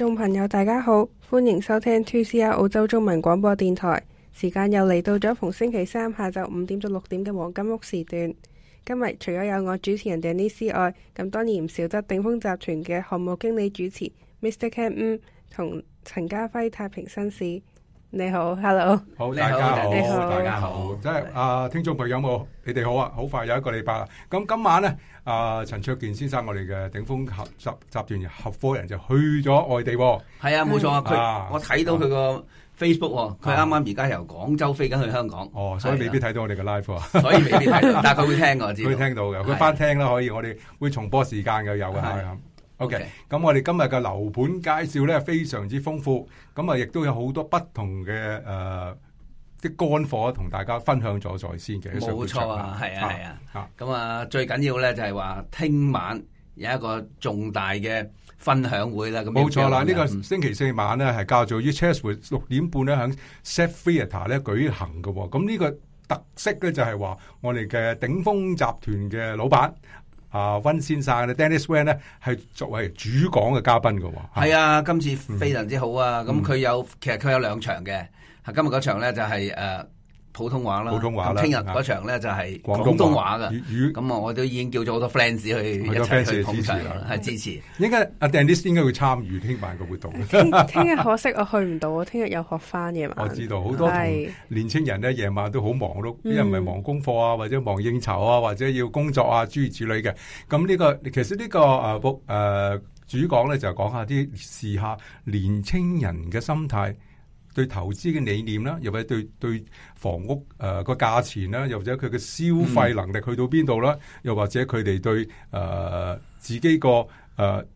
聽眾朋友大家好，歡迎收聽 2CR 澳洲中文廣播電台，時間又嚟到咗逢星期三下晝五點到六點嘅黃金屋時段。今日除咗有我主持人 Denise 外，咁當然唔少得鼎豐集團嘅項目經理主持 Mr. Ken 同陳家輝太平紳士。你好，Hello，好，你好，好，你好，大家好，大家好，即係啊，聽眾朋友，你哋好啊，好快有一個禮拜啦。咁今晚咧，啊陳焯楗先生，我哋嘅鼎豐合集集團合夥人就去咗外地。係啊，冇錯啊，佢、啊嗯啊、我睇到佢個 Facebook，佢啱啱而家由廣州飛緊去香港、啊啊。哦，所以未必睇到我哋嘅 live 啊，啊，所以未必睇到， 但係佢會聽、啊、我知佢聽到嘅，佢翻聽啦、啊啊，可以，可以啊、我哋會重播時間嘅，有嘅。OK，咁我哋今日嘅樓盤介紹咧，非常之豐富，咁啊亦都有好多不同嘅，誒，啲乾貨同大家分享咗在先嘅。冇錯啊，係啊係啊，咁啊最緊要咧就係話，聽晚有一個重大嘅分享會啦。咁冇錯啦，呢個星期四晚咧係較早於車士活六點半咧喺 Set Theatre 咧舉行嘅。咁呢個特色咧就係話，我哋嘅鼎豐集團嘅老闆。啊溫先生咧，Dennis Wang 咧係作為主講嘅嘉賓嘅，係啊，啊，今次非常之好啊！咁、嗯、佢、啊嗯、有，其實佢有兩場嘅，今日嗰場咧就係、是、誒。啊普通話啦，普通話啦，咁聽日嗰場咧就係廣東話嘅，粵語，咁啊我都已經叫咗好多 fans 去一齊去捧場，係支持。應該阿 Denis 應該會參與聽晚個活動。聽日可惜我去唔到啊！聽日又學翻嘢嘛。我知道好多同年青人咧，夜晚都好忙碌，啲人咪忙功課啊，或者忙應酬啊，或者要工作啊，諸如此類嘅。咁呢個其實呢個誒，誒、啊啊，主講咧就講下啲試下年青人嘅心態。去投資嘅理念啦，又或者對對房屋誒個價錢啦，又或者佢嘅消費能力去到邊度啦，嗯、又或者佢哋對誒、呃、自己個誒。呃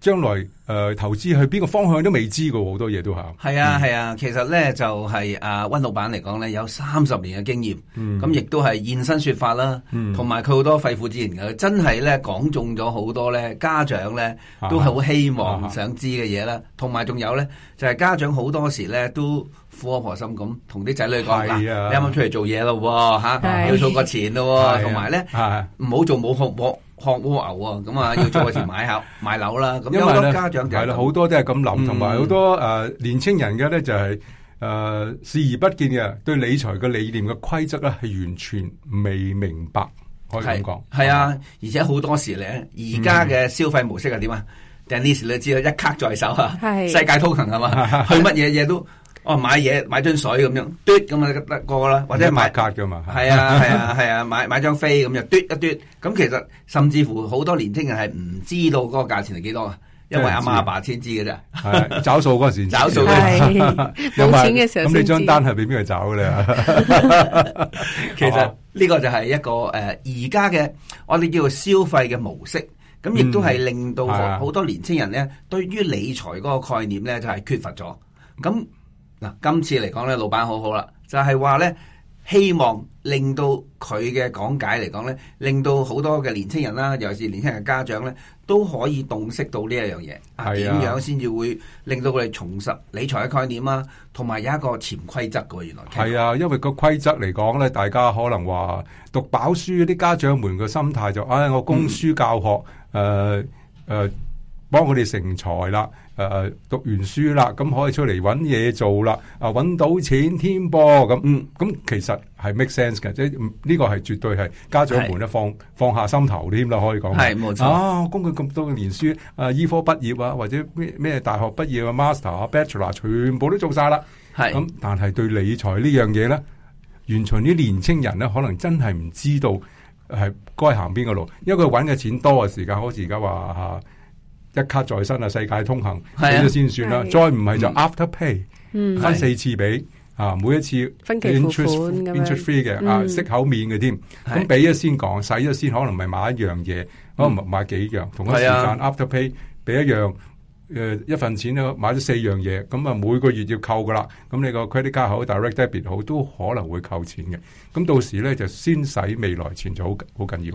將來誒、呃，投資去邊個方向都未知㗎，好多嘢都吓。係、嗯、啊，係啊，其實咧就係阿温老闆嚟講咧，有三十年嘅經驗，咁、嗯、亦都係現身說法啦，同埋佢好多肺腑之言嘅，真係咧講中咗好多咧家長咧都好希望想知嘅嘢啦，同埋仲有咧就係、是、家長好多時咧都苦口婆心咁同啲仔女講，啊啊，你啱啱出嚟做嘢咯，吓、啊啊、要數個錢咯，同埋咧唔好做冇學冇。學蝸牛啊，咁啊，要做時買下 買樓啦。咁因為家長係啦，好多都係咁諗，同埋好多誒、呃、年青人嘅咧就係、是、誒、呃、視而不見嘅，對理財嘅理念嘅規則咧係完全未明白，可以咁講。係啊，而且好多時咧，而家嘅消費模式係點啊但 a n i 你知啦，一卡在手吓、啊，世界通行係嘛，去乜嘢嘢都。哦，買嘢買樽水咁樣，嘟咁啊得過啦，或者買格㗎嘛，係啊係啊係 啊,啊，買買張飛咁就嘟一嘟。咁、嗯嗯嗯嗯、其實甚至乎好多年輕人係唔知道嗰個價錢係幾多啊，因為阿媽阿爸先知嘅啫。係、啊、找數嗰陣時，找數嘅，冇錢嘅時候咁你張單係俾邊個找嘅咧？ 其實呢個就係一個誒而家嘅我哋叫做消費嘅模式，咁亦都係令到好多年輕人咧、嗯啊，對於理財嗰個概念咧就係、是、缺乏咗。咁嗱，今次嚟講咧，老闆好好啦，就係話咧，希望令到佢嘅講解嚟講咧，令到好多嘅年青人啦、啊，尤其是年青人嘅家長咧，都可以洞悉到呢一、啊、樣嘢，點樣先至會令到佢哋重拾理財嘅概念啊，同埋有一個潛規則嘅原來。係啊，因為個規則嚟講咧，大家可能話讀飽書啲家長們嘅心態就，唉、哎，我供書教學，誒、嗯、誒，幫佢哋成才啦。誒誒，讀完書啦，咁可以出嚟揾嘢做啦，啊揾到錢添噃，咁嗯，咁其實係 make sense 嘅，即係呢、這個係絕對係家長們一放放下心頭添啦，可以講係冇錯。啊，供佢咁多嘅年書，啊醫科畢業啊，或者咩咩大學畢業啊，master 啊，bachelor 全部都做晒啦，係咁、嗯，但係對理財呢樣嘢咧，完全啲年青人咧，可能真係唔知道係該行邊個路，因為佢揾嘅錢多嘅時間好似而家話吓。啊一卡在身啊，世界通行，俾咗、啊、先算啦、啊，再唔係就 after pay，、嗯、分四次俾，啊，每一次 interest，分期付款咁樣，interest free 嘅，啊，息口面嘅添，咁俾咗先講，使咗、啊、先可能唔係買一樣嘢、嗯，可能買幾樣，同一時間、啊、after pay 俾一樣，誒、呃，一份錢咧買咗四樣嘢，咁啊每個月要扣噶啦，咁你個 credit card 好，direct debit 好，都可能會扣錢嘅，咁到時咧就先使未來錢就好好緊要，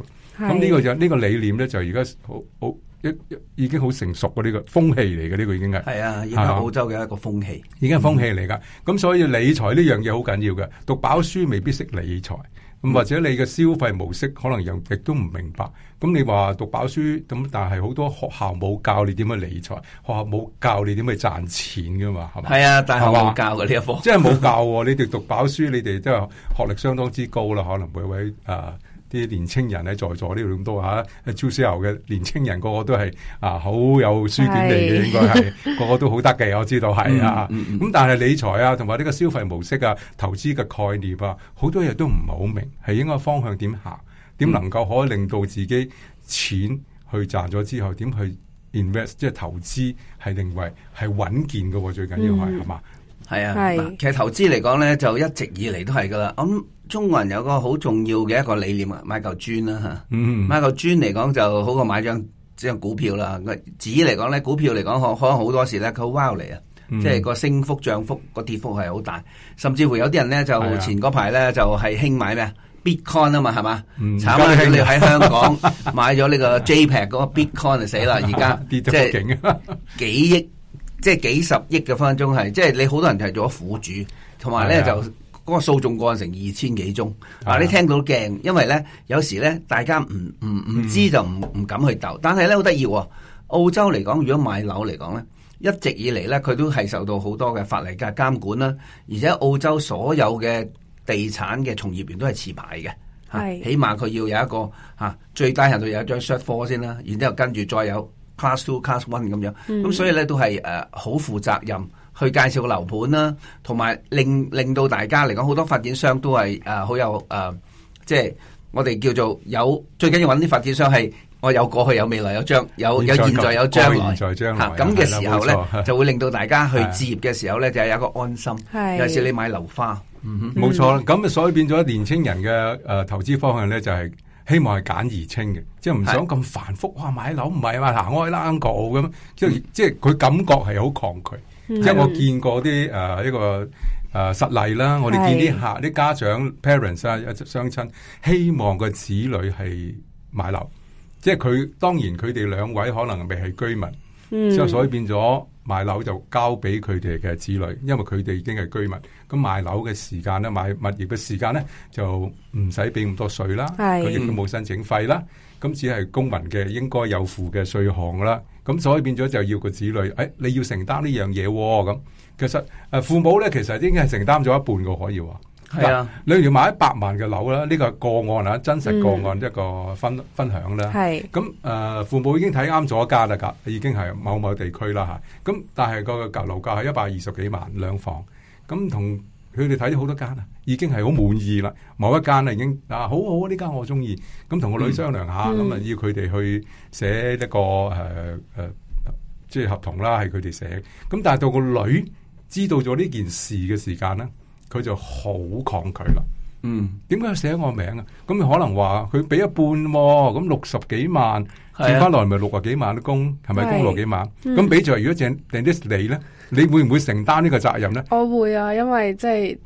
咁呢、啊、個就呢、這個理念咧就而家好好。一已經好成熟嘅呢、這個風氣嚟嘅呢個已經係係啊，而家澳洲嘅一個風氣，已經係風氣嚟噶。咁所以理財呢樣嘢好緊要嘅。讀飽書未必識理財，咁或者你嘅消費模式可能又亦、嗯、都唔明白。咁你話讀飽書咁，但係好多學校冇教你點樣理財，學校冇教你點去賺錢噶嘛，係咪？係啊，但係冇教嘅呢一科，即係冇教。 你哋讀飽書，你哋都係學歷相當之高啦，可能每位啊。呃啲年青人喺在，在座呢度咁多吓，朱 Sir 嘅年青人個個都係啊好有書卷味嘅，應該係 個個都好得嘅，我知道係、嗯、啊。咁、嗯、但係理財啊，同埋呢個消費模式啊、投資嘅概念啊，好多嘢都唔係好明，係應該方向點行，點能夠可以令到自己錢去賺咗之後，點去 invest，、嗯、即係投資係認為係穩健㗎喎、啊，最緊要係係嘛？嗯係啊是，其實投資嚟講咧，就一直以嚟都係噶啦。咁、嗯、中國人有個好重要嘅一個理念啊，買嚿磚啦吓，買嚿磚嚟講就好過買張張股票啦。紙嚟講咧，股票嚟講可可能好多時咧，佢翻嚟啊，嗯、即係個升幅、漲幅、個跌幅係好大。甚至乎有啲人咧，就前嗰排咧就係、是、興買咩啊，Bitcoin 啊嘛，係嘛？慘、嗯、啊！ 你喺香港買咗呢個 JPEG 嗰個 Bitcoin 就死啦，而 家即係幾億。即係幾十億嘅分分鐘係，即係你好多人係做咗苦主，同埋咧就嗰個訴訟過程二千幾宗、啊。你聽到驚，因為咧有時咧大家唔唔唔知就唔唔敢去鬥。嗯、但係咧好得意，澳洲嚟講，如果買樓嚟講咧，一直以嚟咧佢都係受到好多嘅法例嘅監管啦。而且澳洲所有嘅地產嘅從業員都係持牌嘅，起碼佢要有一個、啊、最低限度有一張 certified 先啦、啊，然之後跟住再有。Class two, Class one 咁樣，咁、嗯、所以咧都係誒好負責任去介紹個樓盤啦，同埋令令到大家嚟講，好多發展商都係誒好有誒、呃，即係我哋叫做有最緊要揾啲發展商係我有過去有未來有將有現有現在有將來，咁嘅、啊、時候咧就會令到大家去置業嘅時候咧就有一個安心。係有時你買樓花，冇錯，咁、嗯嗯、所以變咗年青人嘅誒、呃、投資方向咧就係、是。希望係簡易清嘅，即係唔想咁繁複。哇！買樓唔係啊嘛，行開啦，英國好咁。即係、嗯、即係佢感覺係好抗拒。嗯、即係我見過啲誒、呃、一個誒、呃、實例啦。我哋見啲客、啲家長、parents 啊，一啲雙親希望嘅子女係買樓。即係佢當然佢哋兩位可能未係居民，嗯、所以變咗。買樓就交俾佢哋嘅子女，因為佢哋已經係居民。咁買樓嘅時間咧，買物業嘅時間咧，就唔使俾咁多稅啦。佢亦都冇申請費啦。咁只係公民嘅應該有付嘅稅項啦。咁所以變咗就要個子女，誒、哎，你要承擔、喔、呢樣嘢咁。其實誒，父母咧其實應該係承擔咗一半嘅，可以話。係啊，例如買一百萬嘅樓啦，呢、這個個案啊，真實個案一個分分享啦。係、嗯、咁，誒、呃，父母已經睇啱咗一間啦，噶已經係某某地區啦吓。咁但係個個樓價係一百二十幾萬兩房，咁同佢哋睇咗好多間啊，已經係好滿意啦。某一間咧已經啊，好好啊，呢間我中意。咁同個女商量下，咁、嗯、啊、嗯、要佢哋去寫一個誒誒，即、呃、係、呃就是、合同啦，係佢哋寫。咁但係到個女知道咗呢件事嘅時間咧。佢就好抗拒啦，嗯，點解要寫我名你、哦、啊？咁你可能話佢俾一半，咁六十幾萬,萬，剩翻來咪六十幾萬的工，係咪供六啊幾萬？咁俾咗如果淨定啲你咧，你會唔會承擔呢個責任咧？我會啊，因為即係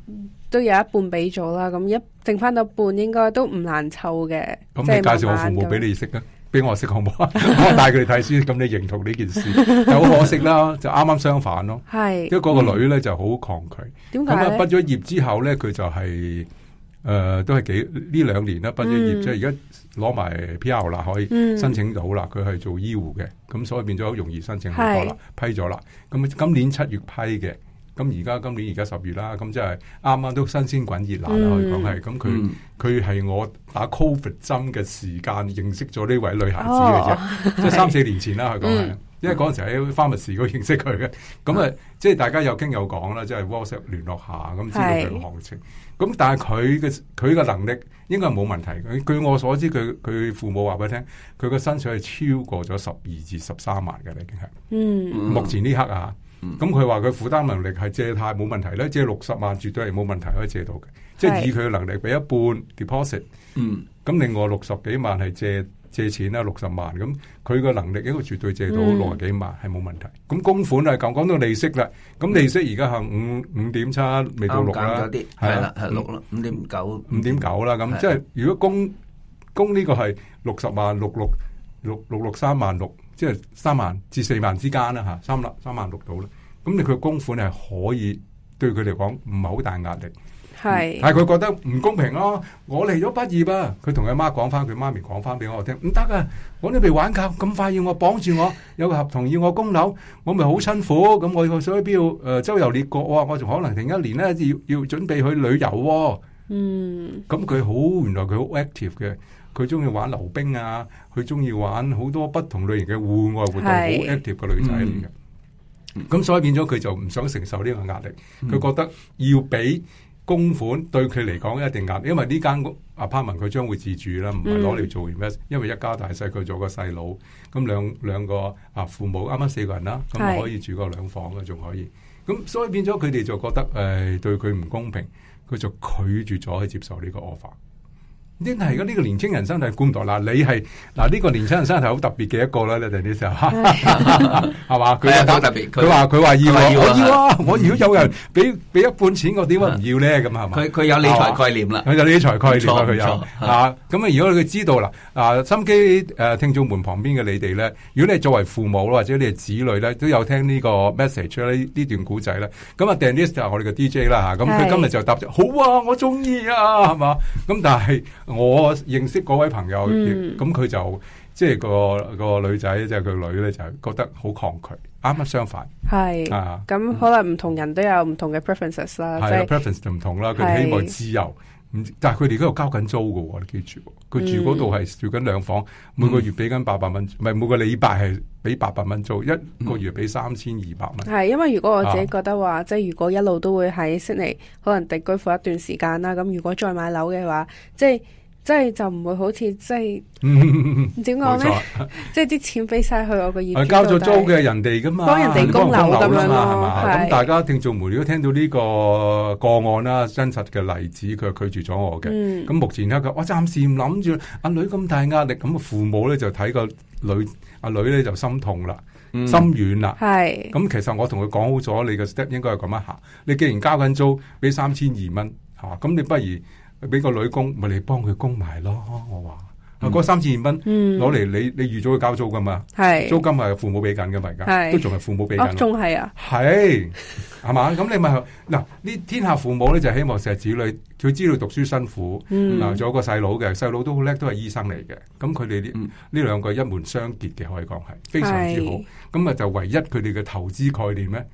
都有一半俾咗啦，咁一剩翻到半應該都唔難湊嘅。咁你介紹我父母俾你識啊？俾我識好唔好？我帶佢哋睇書，咁 你認同呢件事，就好可惜啦，就啱啱相反咯。係，因為嗰個女咧、嗯、就好抗拒。點解咧？畢咗業之後咧，佢就係、是、誒、呃，都係幾呢兩年咧，畢咗業即係而家攞埋 P R 啦，可以申請到啦。佢、嗯、係做醫護嘅，咁所以變咗好容易申請好多啦，批咗啦。咁今年七月批嘅。咁而家今年而家十月啦，咁即係啱啱都新鮮滾熱辣啦。可以講係咁佢佢係我打 Covid 針嘅時間認識咗呢位女孩子嘅啫，即、哦、係三四年前啦。佢講係，因為嗰陣時喺 pharmacy 認識佢嘅，咁、嗯、啊、即、就、係、是、大家有傾有講啦，即、就、係、是、WhatsApp 聯絡下，咁知道佢嘅行情。咁但係佢嘅佢嘅能力應該冇問題。佢據我所知，佢佢父母話俾你聽，佢嘅薪水係超過咗十二至十三萬嘅，已經係。嗯，目前呢刻啊。咁佢話佢負擔能力係借貸冇問題咧，借六十萬絕對係冇問題，可以借到嘅，即係以佢嘅能力俾一半 deposit。嗯，咁另外六十幾萬係借借錢啦，六十萬咁，佢個能力應該絕對借到六十幾萬係冇、嗯、問題。咁供款啊，講講到利息啦，咁利息而家係五五點七未到六啦，啲係啦，係六啦，五點九五點九啦咁，即係如果供供呢個係六十萬六六六六六三萬六。66, 66, 66, 66, 66, 66, 即係三萬至四萬之間啦吓，三粒三萬六到啦。咁你佢供款係可以，對佢嚟講唔係好大壓力。係，但係佢覺得唔公平咯、哦。我嚟咗畢業啊，佢同佢媽講翻，佢媽咪講翻俾我聽，唔、嗯、得啊！我呢邊未玩夠咁快要我綁住我，有個合同要我供樓，我咪好辛苦。咁我所以邊要誒周遊列國、哦，我仲可能停一年咧，要要準備去旅遊、哦。嗯，咁佢好，原來佢好 active 嘅。佢中意玩溜冰啊！佢中意玩好多不同類型嘅戶外活動，好 active 嘅女仔嚟嘅。咁、嗯、所以變咗佢就唔想承受呢個壓力。佢、嗯、覺得要俾供款，對佢嚟講一定壓力。因為呢間 apartment 佢將會自住啦，唔係攞嚟做 investment、嗯、因為一家大細，佢做個細佬，咁兩兩個啊父母，啱啱四個人啦，咁可以住個兩房嘅，仲可以。咁所以變咗佢哋就覺得誒，對佢唔公平，佢就拒絕咗去接受呢個 offer。呢係而家呢個年青人生體觀唔到嗱，你係嗱呢個年青人身體好特別嘅一個啦，你哋呢時候，係嘛？佢又好特別，佢話佢話要，我要我，我要啊！嗯、我如果有人俾俾、嗯、一半錢，我點解唔要咧？咁係嘛？佢佢有理財概念啦，佢有理財概念，佢有吓咁啊！如果佢知道啦啊，心機誒，聽眾們旁邊嘅你哋咧，如果你係、啊啊、作為父母啦，或者你係子女咧，都有聽呢個 message 咧、啊、呢段古仔啦。咁啊 Dennis 就係我哋嘅 DJ 啦吓，咁、啊、佢、嗯、今日就答咗好啊，我中意啊，係嘛？咁但係。我認識嗰位朋友，咁、嗯、佢、嗯嗯、就即係個，個女仔，即係佢女咧，就覺得好抗拒，啱啱相反。係啊，咁可能唔同人都有唔同嘅 preferences 啦。係、就係、preferences 就唔同啦，佢希望自由。但係佢哋而家交緊租嘅，你哋記住佢住嗰度係住緊兩房，嗯，每個月俾緊八百蚊，唔、嗯、係每個禮拜係俾八百蚊租、嗯，一個月俾三千二百蚊。係、嗯、因為如果我自己覺得話、啊，即係如果一路都會喺悉尼可能定居住一段時間啦，咁如果再買樓嘅話，即係。即係就唔會好似即係點講咧？即係啲、嗯、錢俾晒去我個意， 思。交咗租嘅人哋噶嘛，幫人哋供樓咁樣係嘛？咁大家一定做媒，門都聽到呢個個案啦，真實嘅例子，佢拒絕咗我嘅。咁、嗯、目前咧，我暫、啊、時唔諗住阿女咁大壓力，咁父母咧就睇個女，阿、啊、女咧就心痛啦，嗯、心軟啦。係咁，其實我同佢講好咗，你個 step 應該係咁樣行。你既然交緊租，俾三千二蚊，吓、啊、咁你不如。俾個女供，咪你幫佢供埋咯。我話，嗰三千萬蚊，攞、嗯、嚟你你預咗去交租噶嘛？係租金係父母俾緊噶嘛而家，都仲係父母俾緊。仲係啊？係係嘛？咁 你咪嗱，呢天下父母咧就希望錫子女，佢知道讀書辛苦。嗯，啊，仲有個細佬嘅細佬都好叻，都係醫生嚟嘅。咁佢哋呢呢兩個一門雙傑嘅可以講係非常之好。咁啊就唯一佢哋嘅投資概念咧。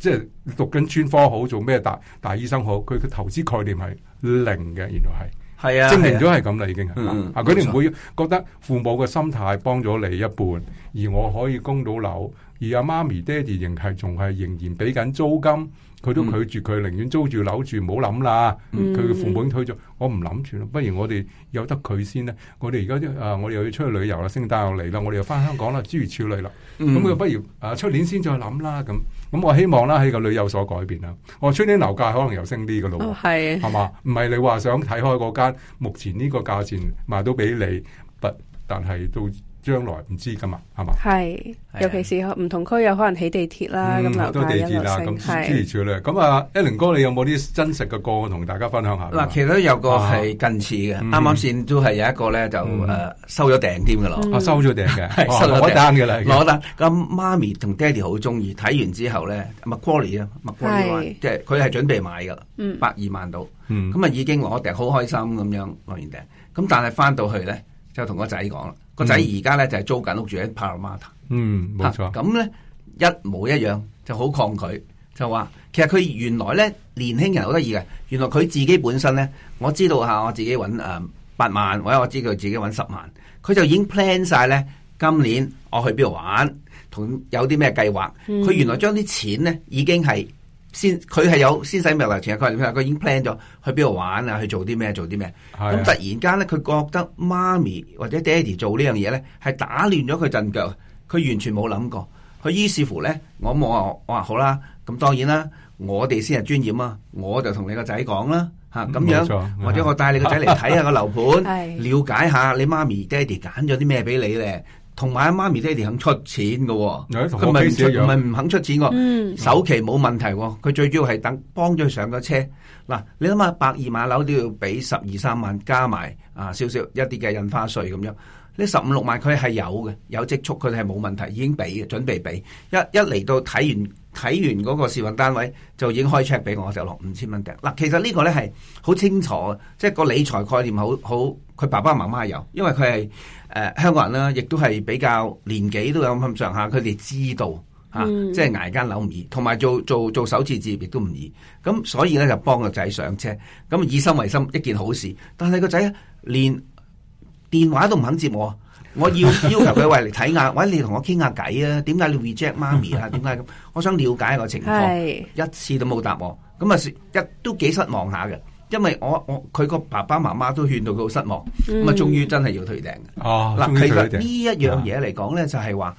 即係讀緊專科好，做咩大大醫生好？佢嘅投資概念係零嘅，原來係，證、啊、明咗係咁啦，已經。啊，佢哋唔會覺得父母嘅心態幫咗你一半、嗯，而我可以供到樓，而阿媽咪、爹哋仍係仲係仍然俾緊租金。佢都拒絕，佢寧願租住樓住，唔好諗啦。佢、嗯、父母已經推咗，我唔諗住咯。不如我哋有得佢先啦。我哋而家啊，我哋又要出去旅遊啦，聖誕又嚟啦，我哋又返香港啦，諸如此類啦。咁、嗯、佢不如啊，出年先再諗啦。咁咁我希望啦，喺個旅遊有所改變啦。我出年樓價可能又升啲嘅咯，係係嘛？唔係你話想睇開嗰間，目前呢個價錢賣到俾你，不，但係都。將來唔知噶嘛，係嘛？係，尤其是唔同區有可能起地鐵啦，咁、嗯、啊，多地鐵啦，咁諸如此類咁啊 Ellen 哥，你有冇啲真實嘅個案同大家分享下？嗱，其實有個係近似嘅。啱啱先都係有一個咧、啊啊嗯，就誒收咗訂添噶啦。收咗訂嘅，收咗單嘅啦。咁媽咪同爹哋好中意睇完之後咧，Macquarie 啊，Macquarie 即係佢係準備買噶，百二萬度，咁啊、嗯、已經攞訂，好開心咁樣攞完訂。咁但係翻到去咧，就同個仔講啦。個仔而家咧就係租緊屋住喺 Parramatta，嗯，冇錯，咁、啊、咧一模一樣，就好抗拒，就話其實佢原來咧年輕人好得意嘅，原來佢自己本身咧，我知道吓，我自己搵誒八萬，或者我知佢自己搵十萬，佢就已經 plan 晒咧今年我去邊度玩，同有啲咩計劃，佢、嗯、原來將啲錢咧已經係。先佢係有先使埋流程，佢佢已經 plan 咗去邊度玩啊，去做啲咩做啲咩。咁突然間咧，佢覺得媽咪或者爹哋做呢樣嘢咧，係打亂咗佢陣腳。佢完全冇諗過。佢於是乎咧，我冇話，我話好啦，咁當然啦，我哋先係專業啊，我就同你個仔講啦，吓、嗯、咁樣，或者我帶你個仔嚟睇下個樓盤，了解下你媽咪爹哋揀咗啲咩俾你咧。同埋阿媽咪爹哋肯出錢嘅，佢唔係唔肯出錢嘅，嗯，首期冇問題。佢，喔，最主要係等幫咗佢上咗車。嗱，你諗下百二買樓都要俾十二三萬，加埋啊少少一啲嘅印花稅咁樣。呢十五六萬佢係有嘅，有積蓄佢哋係冇問題，已經俾嘅，準備俾一一嚟到睇完。睇完嗰個示範單位就已經開 check 俾我，就落五千蚊訂。嗱，其實呢個咧係好清楚，即係個理財概念好好。佢爸爸媽媽有，因為佢係誒香港人啦，亦都係比較年紀都有咁上下，佢哋知道吓，即係捱間樓唔易，同埋做做做首次置業亦都唔易。咁所以咧就幫個仔上車，咁以心為心一件好事。但係個仔呢，連電話都唔肯接我。 我要要求佢喂嚟，睇下，或者你同我傾下偈啊？點解你 reject 媽咪啊？點解咁？我想了解個情況， 一次都冇答我，咁啊一都幾失望下嘅。因為我我佢個爸爸媽媽都勸到佢好失望，咁啊終於真係要退訂嘅。哦，嗱、啊、其實呢一樣嘢嚟講咧，就係話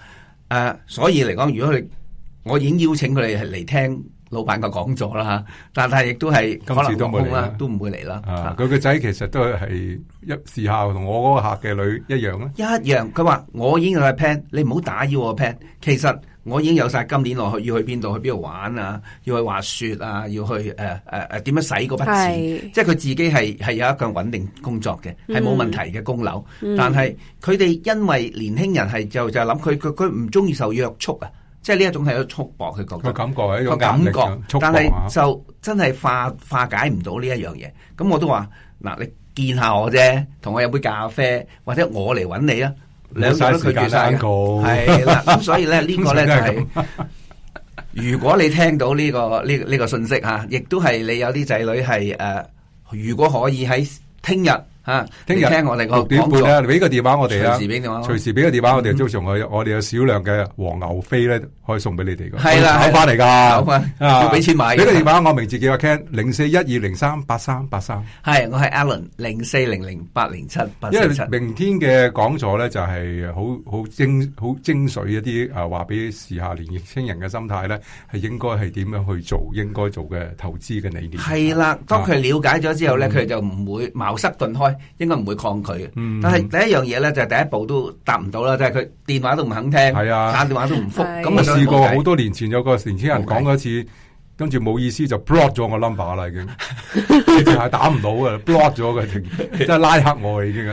誒，所以嚟講，如果佢，我已經邀請佢嚟嚟聽。老闆個講座啦吓，但係亦都係，今次都冇啦，都唔會嚟啦。佢個仔其實都係一時下同我嗰個客嘅女一樣咯。一樣，佢話我已經有個 plan，你唔好打擾我 plan。其實我已經有晒今年落去要去邊度去邊度玩啊，要去滑雪啊，要去誒誒誒點樣使嗰筆錢？即係佢自己係係有一個穩定工作嘅，係、嗯、冇問題嘅供樓、嗯。但係佢哋因為年輕人係就就諗佢佢佢唔中意受約束啊。即係呢一種係一種有束縛嘅感覺，個感覺，個感覺。但係就真係化化解唔到呢一樣嘢。咁我都話嗱，你見下我啫，同我飲杯咖啡，或者我嚟揾你啊，兩樣都拒絕晒嘅。係啦，咁所以咧呢個咧就係，如果你聽到呢個呢呢個信息吓，亦都係你有啲仔女係誒，如果可以喺聽日。吓，聽日六點半咧，俾個電話我哋啊，隨時俾電話，隨時俾個電話我哋。通常我我哋有少量嘅黃牛飛咧，可以送俾你哋嘅，係啦，買返嚟噶，要俾錢買。俾個電話，我名字叫阿 Ken，零四一二零三八三八三。係，我係 Alan，零四零零八零七八。因為明天嘅講座咧，就係好好精好精髓一啲誒，話俾時下年年輕人嘅心態咧，係應該係點樣去做，應該做嘅投資嘅理念。係啦，當佢了解咗之後咧，佢就唔會茅塞頓開。應該唔會抗拒，嗯、但係第一樣嘢咧就係、是、第一步都答唔到啦，就係、是、佢電話都唔肯聽，係啊，打電話都唔覆，咁、啊、我試過好多年前有個年青人講嗰次，沒跟住冇意思就 block 咗我 number 啦，已經，係 打唔到嘅，block 咗佢，即係拉黑我已經，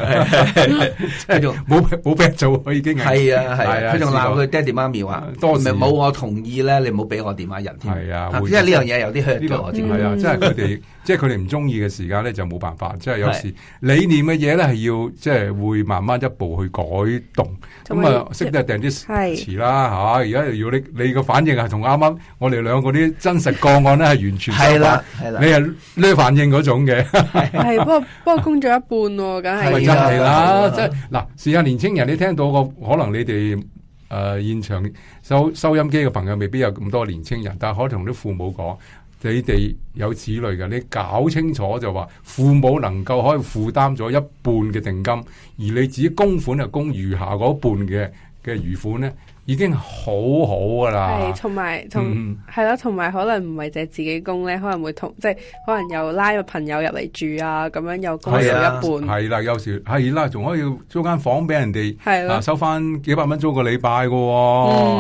佢仲冇冇逼做，我已經係啊係啊，佢仲鬧佢爹哋媽咪話，唔係冇我同意咧，你唔好俾我電話人，係啊，因為呢樣嘢有啲囂張，係啊，即係佢哋。 即係佢哋唔中意嘅時間咧，就冇辦法。即係有時理念嘅嘢咧，係要即係會慢慢一步去改動。咁啊，識得訂啲詞啦，吓。而家要你你個反應係同啱啱我哋兩個啲真實個案咧，係完全相反。係啦，係啦。你係呢反應嗰種嘅。係， 不過不過工作一半喎、哦，梗係。咪真係啦，即係嗱，時、就是、 下年青人，你聽到個可能你哋誒、呃、現場收收音機嘅朋友未必有咁多年青人，但係可同啲父母講。你哋有子女嘅，你搞清楚就話父母能夠可以負擔咗一半嘅定金，而你自己供款啊供餘下嗰半嘅嘅餘款咧，已經好好噶啦。係，同埋同係啦同埋可能唔係淨係自己供咧，可能會同即係可能又拉個朋友入嚟住啊，咁樣又供有一半。係啦，有時係啦，仲可以租間房俾人哋、啊，收翻幾百蚊租個禮拜喎、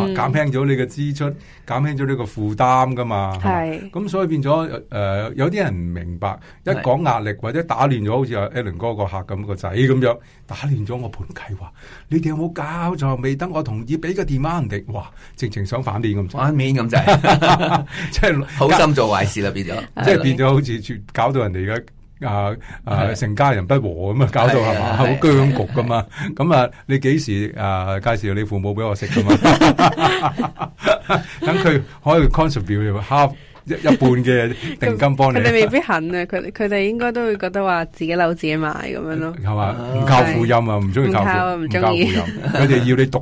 嗯，減輕咗你嘅支出。減輕咗呢個負擔噶嘛，咁所以變咗誒、呃，有啲人唔明白，一講壓力或者打亂咗，好似阿 Alan 哥個客咁個仔咁樣，打亂咗我盤計劃，你哋有冇搞錯？未等我同意，俾個電話人哋，哇、就是，直情想反面咁，反面咁就，即係好心做壞事啦， 變咗了，即 係變咗好似搞到人哋而啊啊！成家人不和咁啊，搞到係嘛好僵局噶嘛？咁啊，你幾時啊介紹你父母俾我食噶嘛？等 佢 可以 contribute half，一一半嘅定金幫你。佢哋未必肯啊！佢佢哋應該都會覺得話自己扭自己買咁樣咯。係嘛？唔、oh, 靠父蔭靠靠 yeah,、嗯、啊！唔中意靠，唔中意。佢哋要你獨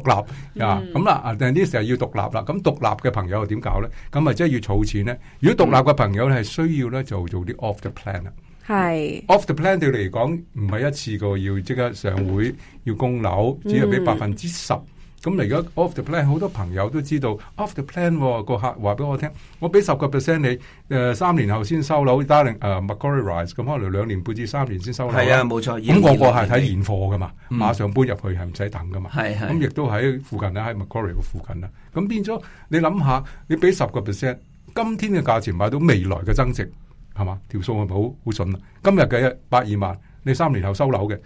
立啊！咁啦啊！但係呢時候要獨立啦。咁獨立嘅朋友又點搞咧？咁啊，即係要儲錢咧。如果獨立嘅朋友係需要咧，就做啲 off the plan、嗯係 Off the plan 對你嚟講唔係一次過要即刻上會、嗯、要供樓，只係俾百分之十。咁而家 Off the plan 好多朋友都知道 Off the plan 個、哦、客話俾我聽，我俾十個 percent 你，誒、呃、三年後先收樓。Darling、uh, 誒 Macquarie Rise 咁可能兩年半至三年先收樓。係啊，冇錯。咁個個係睇現貨噶嘛、嗯，馬上搬入去係唔使等噶嘛。係咁亦都喺附近啦，喺 Macquarie 個附近啦。咁變咗你諗下，你俾十個 percent，今天嘅價錢買到未來嘅增值。係嘛，條數係咪好好順啊？今日嘅百二萬，你三年後收樓嘅，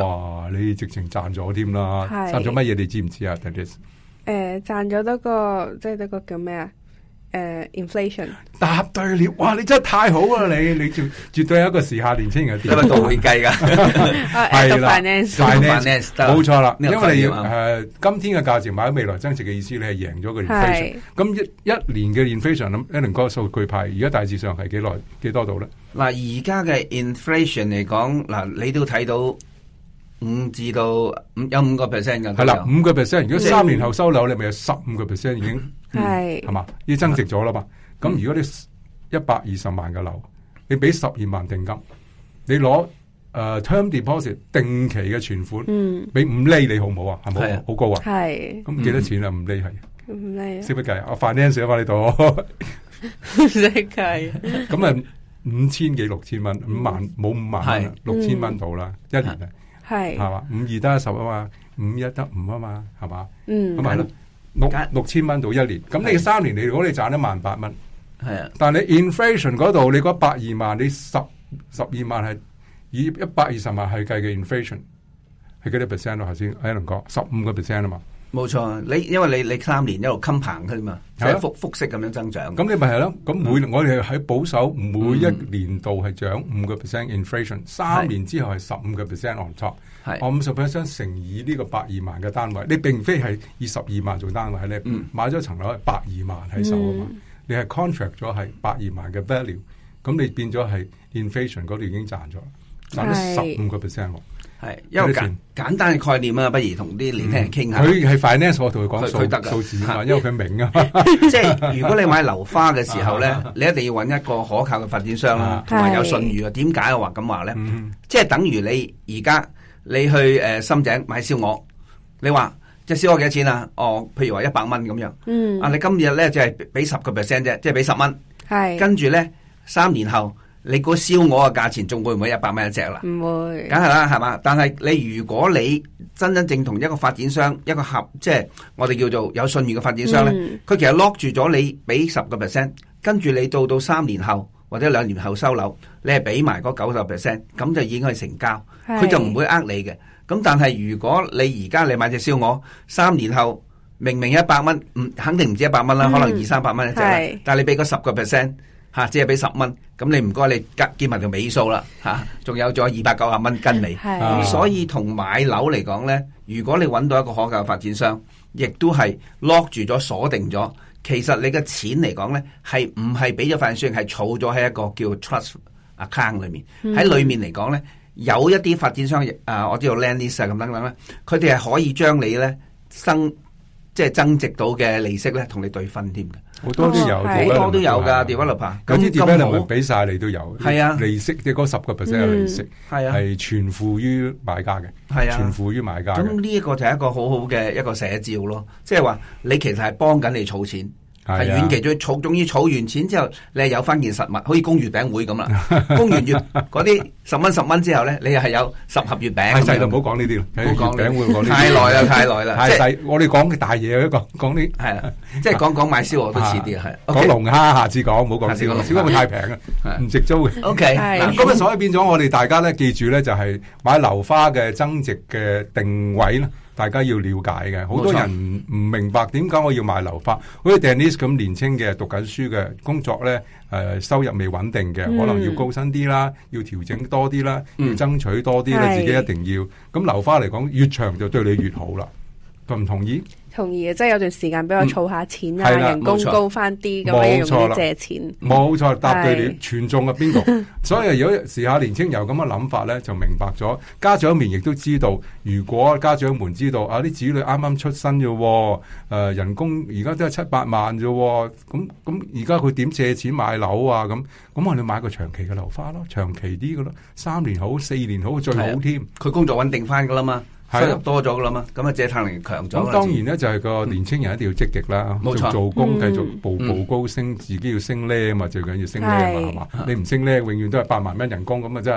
哇！你直情賺咗添啦，賺咗乜嘢你知唔知啊？Teddy？誒賺咗多個，即係多個叫咩啊？誒、uh，inflation 答對了。哇！你真係太好啦，你你做絕對有一個時下年青人嘅 會計噶冇錯啦。因為你要誒、呃，今天嘅價錢買咗未來增值嘅意思，你係贏咗個 inflation。咁一一年嘅 inflation，咁一年個數據派，而家大致上係幾耐幾多度咧？嗱，而家嘅 inflation 嚟講，嗱，你都睇到五至到五有五個 percent 嘅，係啦，五個 percent。如果三年後收樓，你咪有十五個 percent 已經、嗯。係、嗯，係嘛？要增值咗啦嘛？咁如果你一百二十萬嘅樓，你俾十二萬定金，你攞誒，Term Deposit 定期嘅存款，嗯，俾五厘你好唔好是啊？係咪好高啊！係，咁、嗯、幾多錢啊？五、嗯、厘係，五、嗯、厘，使乜計啊？我 finance 咗你度。唔使計。咁啊，五千幾六千蚊、嗯，五萬冇五萬，六千蚊到啦，一年啊，係，係嘛、嗯？五二得十啊嘛，五一得五啊嘛，係嘛？嗯，咁咪咯。六六千蚊到一年，咁你三年你如果你賺一萬八蚊，係啊，但係 inflation 嗰度，你嗰百二萬，你十十二萬係以一百二十萬係計嘅 inflation，係幾多 percent 咯？頭先阿龍講，十五個 percent 啊嘛。冇錯，你因為你你三年一路襟棚嘅嘛，係一幅複式咁樣增長那是。咁你咪係咯？咁、嗯、每我哋喺保守每一年度係漲五個 percent inflation，三、嗯、年之後係十五個 percent on top，我五十 percent 乘以呢個百二萬嘅單位，你並非係以十二萬做單位咧，嗯、你買咗層樓係百二萬喺手啊嘛。你係 contract 咗係百二萬嘅 value，咁你變咗係 inflation 嗰度已經賺咗賺咗十五個 percent 喎。了。係、嗯，因為簡簡單嘅概念啊，不如同啲年輕人傾下。佢係 finance，我同佢講數數字，因為佢明啊。即係如果你買樓花嘅時候咧、啊，你一定要揾一個可靠嘅發展商啊，同埋有信譽啊。點解我話咁話咧？即係等於你而家你去誒、呃、深井買燒鵝，你話即係燒鵝幾錢啊？哦，譬如話一百蚊咁樣。啊、嗯，你今日咧就係俾十個 percent 啫，即係俾十蚊。係。跟住咧，三年後。你估燒鵝嘅價錢仲會唔會一百蚊一隻啦？唔會，梗係啦，係嘛？但係你如果你真真正同一個發展商一個合，即係我哋叫做有信譽嘅發展商咧，佢、嗯、其實 lock 住咗你俾十個 percent，跟住你到到三年後或者兩年後收樓，你係俾埋嗰九十 percent，咁就已經可以成交，佢就唔會呃你嘅。咁但係如果你而家你買隻燒鵝，三年後明明一百蚊，唔肯定唔止一百蚊啦，可能二三百蚊一隻啦，但係你俾嗰十個 percent。吓，即係俾十蚊，咁你唔該，你結埋條尾數啦，吓，仲有咗二百九十蚊跟你，所以同買樓嚟講咧，如果你揾到一個可靠嘅發展商，亦都係 lock 住咗、鎖定咗，其實你嘅錢嚟講咧，係唔係俾咗發展商，係儲咗喺一個叫 trust account 裏面，喺裏面嚟講咧，有一啲發展商，我知道 land list 啊咁等等啦，佢哋係可以將你咧增，即係增值到嘅利息咧，同你對分添嘅。好多都有，好、oh, 多都有噶，掉翻落盤，有啲掉翻落嚟，俾晒你都有，係啊，利息即係嗰十個 percent 嘅利息，係啊，係全付於買家嘅，係啊，全付於買家的。咁呢一個就係一個好好嘅一個寫照咯，即係話你其實係幫緊你儲錢。係遠期，最儲終於儲完錢之後，你係有翻件實物，好似供月餅會咁啦。 供完月嗰啲十蚊十蚊之後咧，你又係有十盒月餅。喺細度唔好講呢啲，唔好講餅會講呢啲。太耐啦，太耐啦。係，我哋講嘅大嘢一個，講啲係啦。即係講講買燒鵝都似啲，係講龍蝦下次講，唔好講。燒鵝燒鵝因為會太平、okay，啊，唔值租嘅。OK，係咁啊，所以變咗我哋大家咧，記住咧就係、是、買樓花嘅增值嘅定位啦。大家要了解嘅，好多人唔明白點解我要買樓花。好似 Denise 咁年輕嘅，讀緊書嘅工作咧、呃，收入未穩定嘅、嗯，可能要高薪啲啦，要調整多啲啦、嗯，要爭取多啲咧、嗯，自己一定要。咁樓花嚟講，越長就對你越好啦。同唔同意？同意啊！即係有段時間俾我儲下錢啊，嗯、人工高翻啲咁樣用啲借錢，冇錯，答對你，全中啊邊個？所以如果時下年青人有咁嘅諗法咧，就明白咗。家長面亦都知道，如果家長們知道啊，啲子女啱啱出生嘅，誒、啊，人工而家都係七八萬嘅，咁咁而家佢點借錢買樓啊？咁咁我哋買個長期嘅樓花咯，長期啲嘅咯，三年好，四年好最好添。佢工作穩定翻噶啦嘛。啊、收入多咗噶啦嘛，咁啊借貸能力強咗。咁、嗯、當然咧，就係個年青人一定要積極啦，嗯、做做工、嗯，繼續步步高升，嗯、自己要升呢嘛，最緊要升呢嘛，係嘛？你唔升呢，永遠都係八萬蚊人工，咁啊真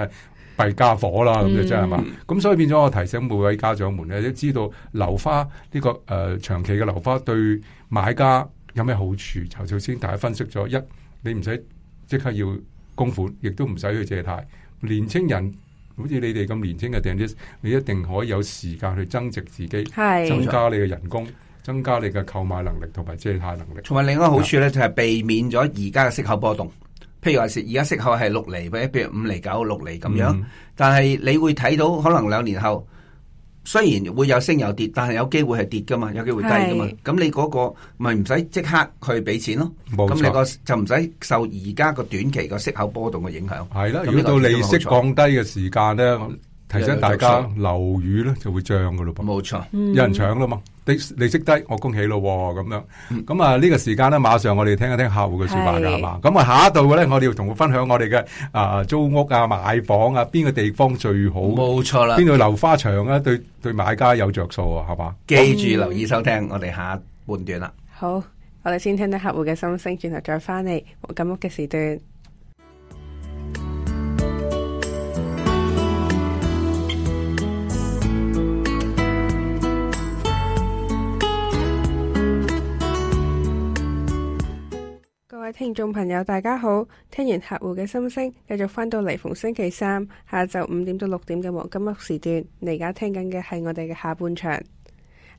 係弊家伙啦，咁、嗯、就真係嘛？咁所以變咗我提醒每位家長們咧，你知道樓花呢、呢個誒、呃、長期嘅樓花對買家有咩好處？頭、嗯、先大家分析咗一，你唔使即刻要供款，亦都唔使去借貸，年青人。好似你哋咁年輕嘅投資，你一定可以有時間去增值自己，Yes. 增加你嘅人工，增加你嘅購買能力同埋借貸能力。同埋另一個好處咧，就係避免咗而家嘅息口波動。譬如話而家息口係六厘，或者譬如五厘九、六厘咁樣，嗯、但係你會睇到可能兩年後。雖然會有升有跌，但係有機會係跌噶嘛，有機會低噶嘛。咁你嗰個咪唔使即刻去俾錢咯。冇錯，咁你個就唔使受而家個短期個息口波動嘅影響。係啦，如果到利息降低嘅時間咧。嗯提醒大家樓宇咧，就會漲噶咯噃。冇錯、嗯，有人搶啦嘛。你利息低，我恭喜咯咁樣。咁、嗯、啊，呢、這個時間咧、啊，馬上我哋聽一聽客戶嘅說話係嘛。咁啊，下一度咧，我哋要同佢分享我哋嘅啊租屋啊、買房啊，邊個地方最好？冇錯啦，邊度樓花牆啊，對對買家有着數啊，係、嗯、嘛。記住留意收聽，我哋下一半段啦。好，我哋先聽聽客戶嘅心聲，轉頭再翻嚟，黃金屋嘅時段。各位聽眾朋友，大家好！聽完客戶嘅心聲，繼續翻到嚟，逢星期三下晝五點到六點嘅黃金屋時段，你而家聽緊嘅係我哋嘅下半場。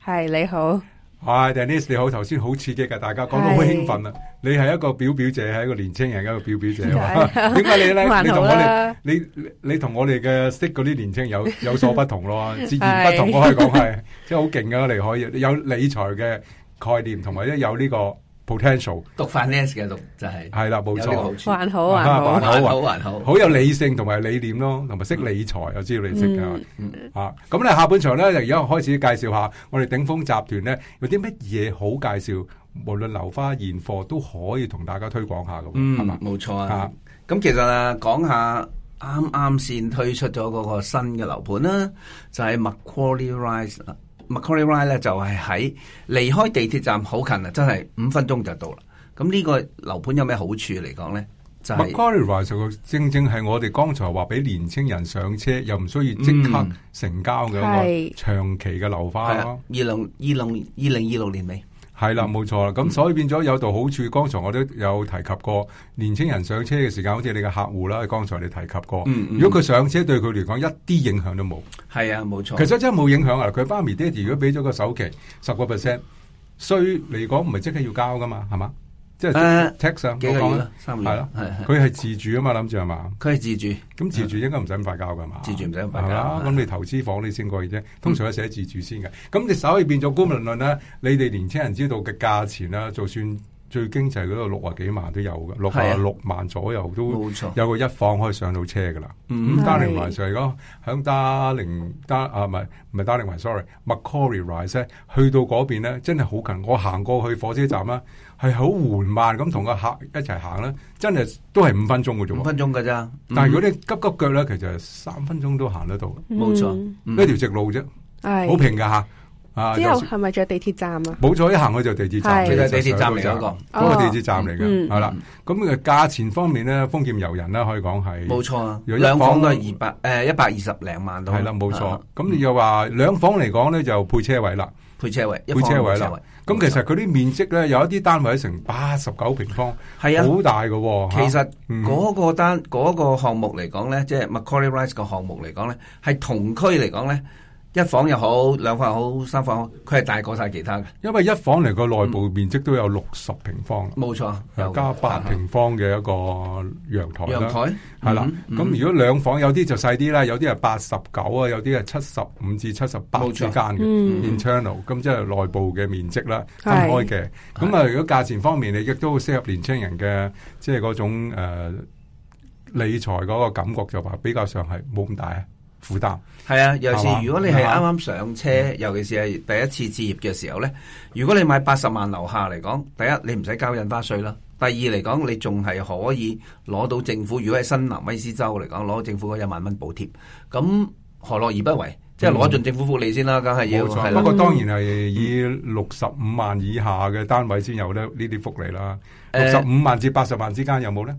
係你好，啊，Denise，你好，頭先好刺激噶，大家講到好興奮呀。你係一個表表姐，係一個年青人嘅一個表表姐，點解你咧？你同我哋，你你同我哋嘅識嗰啲年青人有有所不同咯，截然不同。我可以講係，即係好勁噶，你可以有理財嘅概念，同埋咧有呢個。potential 讀 finance 嘅讀就係係啦，冇錯，還好還好還好還好，還好，嗯嗯、好有理性同埋理念咯，同埋識理財，我知道你識嘅。咁咧，下半場咧就而家開始介紹下我哋鼎豐集團咧有啲乜嘢好介紹，無論樓花現貨都可以同大家推廣下咁，係嘛冇，嗯、錯啊。咁、啊啊啊嗯、其實呢，講下啱啱先推出咗嗰個新嘅樓盤啦，就係、是、Macquarie Rise Macquarie Rise 咧就係喺離開地鐵站好近啊，真係五分鐘就到啦。咁呢個樓盤有咩好處嚟講咧？就係、Macquarie Rise 就係正正係我哋剛才話俾年青人上車又唔需要即刻成交嘅，、嗯、長期嘅樓花咯。二零二零二零二六年尾。係啦，冇錯啦，咁、嗯、所以變咗有度好處。剛、嗯、才我都有提及過，年青人上車嘅時間，好似你嘅客戶啦，剛才你提及過。嗯嗯、如果佢上車對佢嚟講一啲影響都冇，係、嗯、啊，冇、嗯、錯。其實真係冇影響啊！佢媽咪爹哋如果俾咗個首期十個 percent，稅嚟講唔係即刻要交噶嘛，係嘛？即係 tax t、啊、幾個月咯？三個月係咯，係佢係自住啊嘛，諗住係嘛。佢係自住，咁自住應該唔使咁快交噶係嘛。自住唔使咁快交。係啦，咁你投資房你先過去啫。通常都寫自住先嘅。咁你所以變咗官民論咧，你哋年青人知道嘅價錢啦，就算最經濟嗰度六啊幾萬都有嘅，六啊六萬左右都冇錯，有個一房可以上到車噶啦、嗯嗯。嗯，丹尼華就係講響丹尼丹啊，唔係唔係丹尼華，sorry，Macquarie Rise 去到嗰邊咧，真係好近，我行過去火車站啦。係好緩慢咁同個客一齊行咧，真係都係五分鐘嘅啫。五分鐘嘅啫，嗯、但係如果你急急腳咧，其實三分鐘都行得到。冇錯，嗯、一條直路啫，好平噶吓、啊。之後係咪仲有地鐵站啊？冇錯一行去就地鐵站，其實地鐵站嚟咗一個嗰個，地鐵站嚟嘅係啦。咁嘅價錢方面咧，豐儉由人咧可以講係冇錯啊。兩房都係二百誒一百二十零萬到。係啦，冇錯。咁你又話兩房嚟講咧就配車位啦。配車，配車位，一房一車位啦。咁其實佢啲面積咧、嗯，有一啲單位成八十九平方，係啊，好大嘅、哦。其實嗰個單，嗰、啊那個項目嚟講咧，即係 Macquarie Rise 個項目嚟講咧，係同區嚟講咧。一房又好，兩房又好，三房好，佢係大過晒其他嘅。因為一房嚟個內部面積都有六十平方冇、嗯、錯，有加八平方嘅一個陽台啦。陽台係啦，咁、嗯嗯、如果兩房有啲就細啲啦，有啲係八十九啊，有啲係七十五至七十八之間、嗯。internal 咁即係內部嘅面積啦，分開嘅。咁、嗯、啊，那如果價錢方面你亦都好適合年青人嘅，即係嗰種誒、呃、理財嗰個感覺就話比較上係冇咁大啊。負擔係啊，尤其是，是如果你係啱啱上車，尤其是係第一次置業嘅時候咧。如果你買八十萬樓下嚟講，第一你唔使交印花稅啦，第二嚟講你仲係可以攞到政府，如果喺新南威斯州嚟講，攞到政府嗰一萬蚊補貼，咁何樂而不為？即係攞盡政府福利先啦，梗、嗯、係要是、啊。不過當然係以六十五萬以下嘅單位先有咧呢啲福利啦。六十五萬至八十萬之間有冇咧？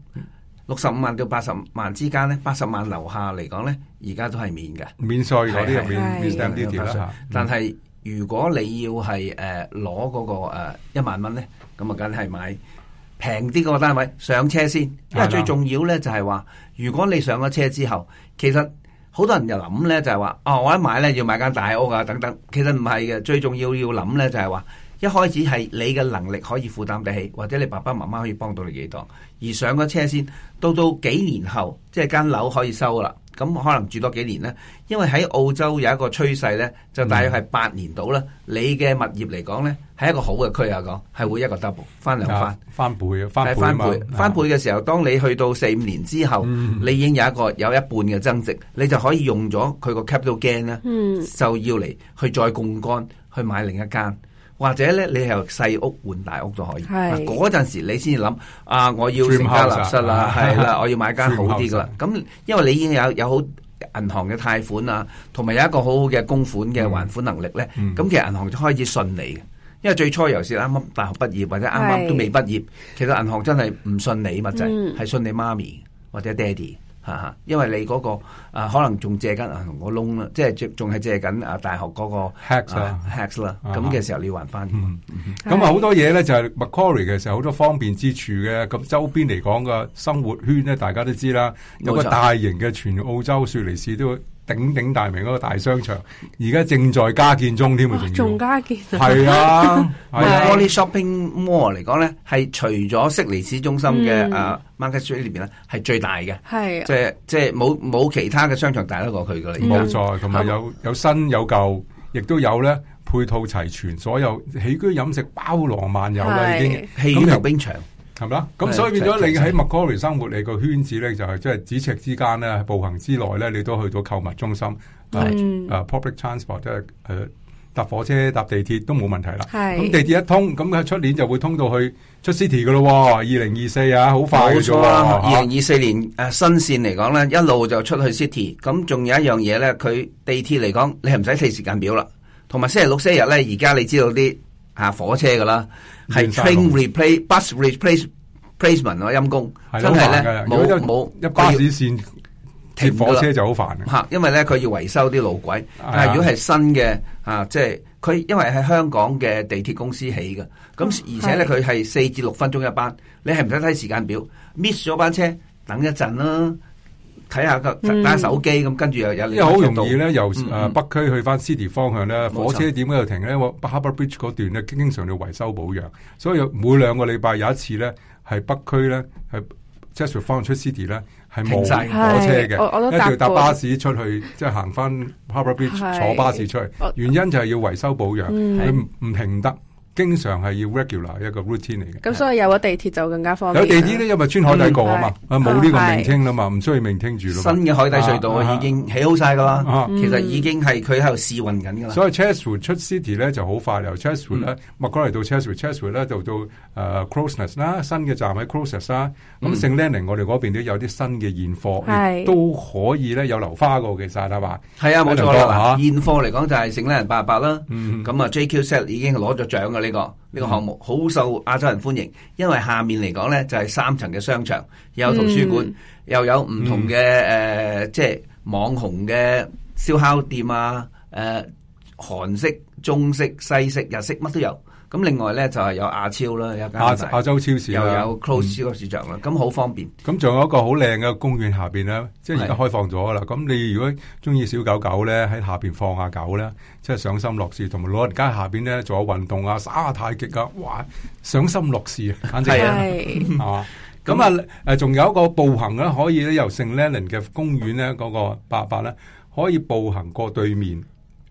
六十五萬到八十萬之間咧，八十萬樓下嚟講咧，而家都係免嘅，免稅嗰啲，是是免嘅是是免 d 啲、啊、但係如果你要係誒攞嗰個誒、呃、一萬蚊咧，咁啊梗係買平啲嗰個單位上車先，因為最重要咧就係話，如果你上咗車之後，其實好多人就諗咧就係話，哦我一買咧要買間大屋啊等等，其實唔係嘅，最重要要諗咧就係話。一開始係你嘅能力可以負擔得起，或者你爸爸媽媽可以幫到你幾多。而上個車先，到到幾年後，即係間樓可以收啦。咁可能住多幾年呢？因為喺澳洲有一個趨勢呢，就大約係八年到啦。你嘅物業嚟講呢，係一個好嘅區啊，講係會一個 double 翻兩翻翻倍啊，係翻倍翻倍嘅時候，當你去到四五年之後、嗯，你已經有一個有一半嘅增值，你就可以用咗佢個 capital gain 咧、嗯，就要嚟去再槓桿去買另一間。或者咧，你由細屋換大屋都可以。嗱，嗰陣時你先要諗啊，我要成家立室啦，係、啊、啦， 我要買一間好啲噶啦。咁因為你已經有有好銀行嘅貸款啊，同、嗯、埋有一個好好嘅供款嘅還款能力咧。咁、嗯、其實銀行就開始信你嘅。因為最初尤其係啱啱大學畢業或者啱啱都未畢業，其實銀行真係唔信你乜滯，係、就是嗯、信你媽咪或者爹哋。啊， 因為你嗰、那個啊，可能仲借緊同、啊、個窿啦、啊，即係仲仲係借緊啊大學嗰、那個 hex 啦，hex 啦，咁嘅、uh, uh, 啊、時候你要還翻。咁啊好多嘢咧就係、是、Macquarie 嘅時候，好多方便之處嘅，咁周邊嚟講個生活圈咧大家都知啦，有個大型嘅全澳洲雪梨市都。鼎鼎大名嗰個大商場，而家正在加建中添啊！仲加建係啊，係。Only Shopping Mall 嚟講咧，係除咗悉尼市中心嘅啊，Market Street 裏邊咧，係最大嘅。係即係即係冇冇其他嘅商場大得過佢噶啦。冇錯，咁啊有有新有舊，亦都有咧配套齊全，所有起居飲食包羅萬有啦，已經。咁戲院有冰場。係咪啦？咁所以變咗你喺 Macquarie 生活，你個圈子咧就係即係咫尺之間咧，步行之內咧，你都去到購物中心。係啊，public transport 即係誒，搭火車、搭地鐵都冇問題啦。係咁地鐵一通，咁佢出年就會通到去出 city 噶咯。二零二四啊，好快冇錯啦。二零二四年誒新線嚟講咧，一路就出去 city。咁仲有一樣嘢咧，佢地鐵嚟講，你係唔使睇時間表啦。同埋星期六、星期日咧，而家你知道啲啊火車噶啦。係 train replace bus replacement 啊，陰公真係咧，冇冇一巴士線接火車就好煩啊！因為咧佢要維修啲路軌，但係如果係新嘅啊，即係佢因為喺香港嘅地鐵公司起嘅，咁而且咧佢係四至六分鐘一班，你係唔使睇時間表，miss 咗班車等一陣啦，啊。睇下個睇手機咁、嗯，跟住又有。因為好容易咧、嗯，由誒北區去翻 City 方向咧、嗯，火車點喺度停咧？我 Harbour Bridge 嗰段咧，經常要維修保養，所以每兩個禮拜有一次咧，係北區咧，係 Jasper、就是、方向出 City 咧，係冇火車嘅，一定要搭巴士出去，即係行翻 Harbour Bridge 坐巴士出去。原因就係要維修保養，佢、嗯、唔停得。經常係要 regular 一個 routine 嚟嘅，咁所以有咗地鐵就更加方便。有地鐵咧，因為穿海底過啊嘛，冇、嗯、呢個名稱啦嘛，唔、啊、需要名稱住咯。新嘅海底隧道已經起好晒噶啦，其實已經係佢喺度試運緊噶啦。所以 Chatswood 出 City 咧就好快，由 Chatswood 咧 m c g r 到 Chatswood，Chatswood、嗯、咧就到誒、uh, Crows Nest 啦，新嘅站喺 Crows Nest 啊。咁 St Leonards 我哋嗰邊都有啲新嘅現貨，都可以咧有樓花個其實係啊嘛，係啊冇錯啦，現貨嚟講就係 St Leonards 八八八啦。咁、嗯、啊 JQZ 已經攞咗獎噶。呢、呢個呢、呢個項目好、嗯、受亞洲人歡迎，因為下面嚟講咧就係、是、三層嘅商場，又有圖書館，嗯、又有唔同嘅誒、嗯呃、即係網紅嘅燒烤店啊，誒、呃，韓式、中式、西式、日式，乜都有。咁另外咧就係有亞超啦，有亞亞洲超市，又有 close 超級市場啦，咁、嗯、好方便。咁仲有一個好靚嘅公園下邊咧，即係而家開放咗噶啦。咁你如果中意小狗狗咧，喺下邊放下狗咧，即係賞心樂事。同埋老人家下邊咧做下運動啊，耍、啊、下太極啊，哇，賞心樂事，係 是 啊，係嘛。咁啊，誒，仲有一個步行咧，可以咧由聖 Lennon 嘅公園咧嗰個八八咧，可以步行過對面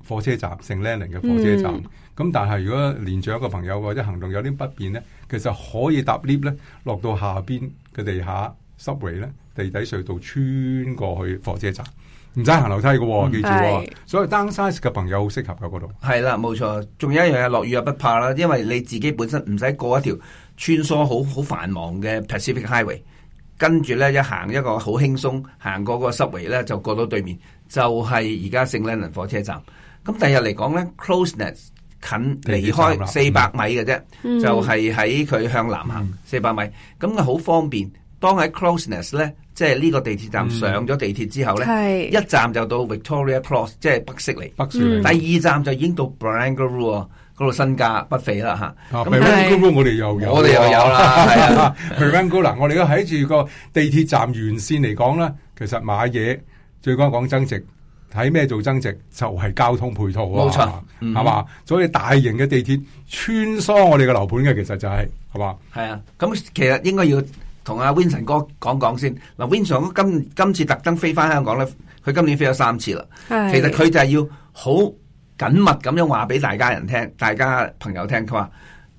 火車站，聖 Lennon 嘅火車站。嗯咁但係如果連住一個朋友或者行動有啲不便咧，其實可以搭 lift 咧，落到下邊嘅地下 subway 咧，地底隧道穿過去火車站，唔使行樓梯嘅喎，記住、哦。所以 downsize 嘅朋友好適合嘅嗰度。係啦，冇錯。仲有一樣嘢，落雨又不怕啦，因為你自己本身唔使過一條穿梭好好繁忙嘅 Pacific Highway，跟住咧一行一個好輕鬆，行過個 subway 咧就過到對面，就係而家聖倫倫火車站。咁第二日嚟講咧，closeness。Closenets, 近離開四百米嘅啫，就係喺佢向南行四百米，咁啊好方便。當喺 closeness 咧，即係呢個地鐵站上咗地鐵之後咧，一站就到 Victoria Cross，即係北悉尼嚟。北悉尼，第二站就已經到 Barangaroo 嗰度身價不菲啦嚇。啊，Barangaroo 我哋又有，我哋又有啦。Barangaroo 嗱，我哋而家喺住個地鐵站沿線嚟講咧，其實買嘢最講講增值。睇咩做增值就係、是、交通配套啊！冇錯，係嘛、嗯，所以大型嘅地鐵穿梭我哋嘅樓盤嘅，其實就係、是，係嘛？係啊，咁、嗯、其實應該要同阿 Winson 哥講講先。嗱 Winson 哥今今次特登飛翻香港咧，佢今年飛咗三次啦。係，其實佢就係要好緊密咁樣話俾大家人聽，大家朋友聽，佢話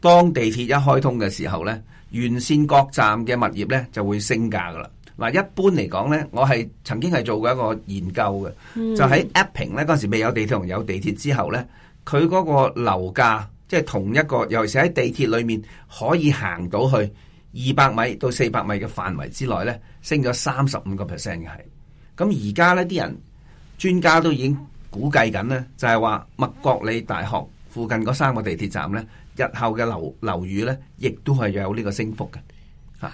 當地鐵一開通嘅時候咧，沿線各站嘅物業咧就會升價噶啦。嗱，一般嚟講呢，我係曾經係做過一個研究嘅、嗯，就喺 Epping 咧嗰陣時未有地鐵同有地鐵之後呢，佢嗰個樓價即係、就是、同一個，尤其是喺地鐵裡面可以行到去二百米到四百米嘅範圍之內升了35的呢升咗三十五個 percent 嘅係。咁而家呢啲人專家都已經估計緊呢就係話麥覺理大學附近嗰三個地鐵站呢，日後嘅樓樓宇咧，亦都係有呢個升幅嘅。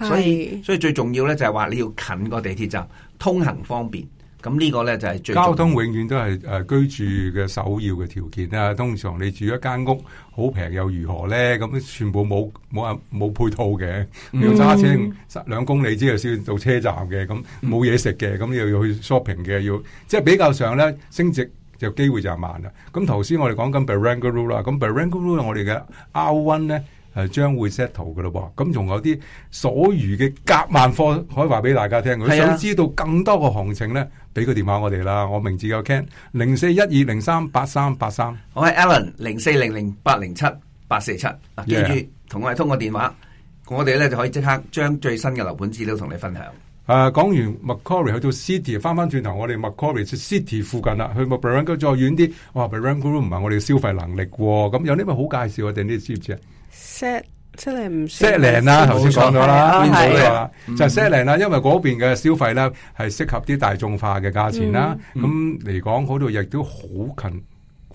所以所以最重要咧就係話你要近個地鐵站，通行方便。咁呢個咧就係最重要，交通永遠都係誒居住嘅首要嘅條件啊。通常你住一間屋好平又如何咧？咁全部冇冇人冇配套嘅、嗯，要揸車兩公里之後就先到車站嘅，咁冇嘢食嘅，咁、嗯、又要去 shopping 嘅，要即係比較上咧升值就機會就慢啦。咁頭先我哋講緊 Barangaroo，咁 Barangaroo 我哋嘅 R1 咧，將會 settle 嘅咯噃，咁仲有啲所餘嘅夾萬貨，可以話俾大家聽。佢想知道更多嘅行情咧，俾個電話我哋啦。我名字叫 Ken，零四一二零三八三八三。我係 Alan，零四零零八零七八四七。嗱，記住同我哋通過電話，yeah. 我哋咧就可以即刻將最新嘅樓盤資料同你分享。誒、啊，講完 Macquarie 去到 City，翻翻轉頭，我哋 Macquarie City 附近啦，去到 Branco 再遠啲，哇，Branco 唔、啊、係我哋嘅消費能力喎、哦。咁有啲咩好介紹，我哋呢知唔知啊？set set 唔、啊啊啊就係、set 零啦，頭先講咗啦，邊度就 set 零啦，因為嗰邊嘅消費咧係適合啲大眾化嘅價錢啦、啊。咁嚟講，嗰度、嗯、亦都好近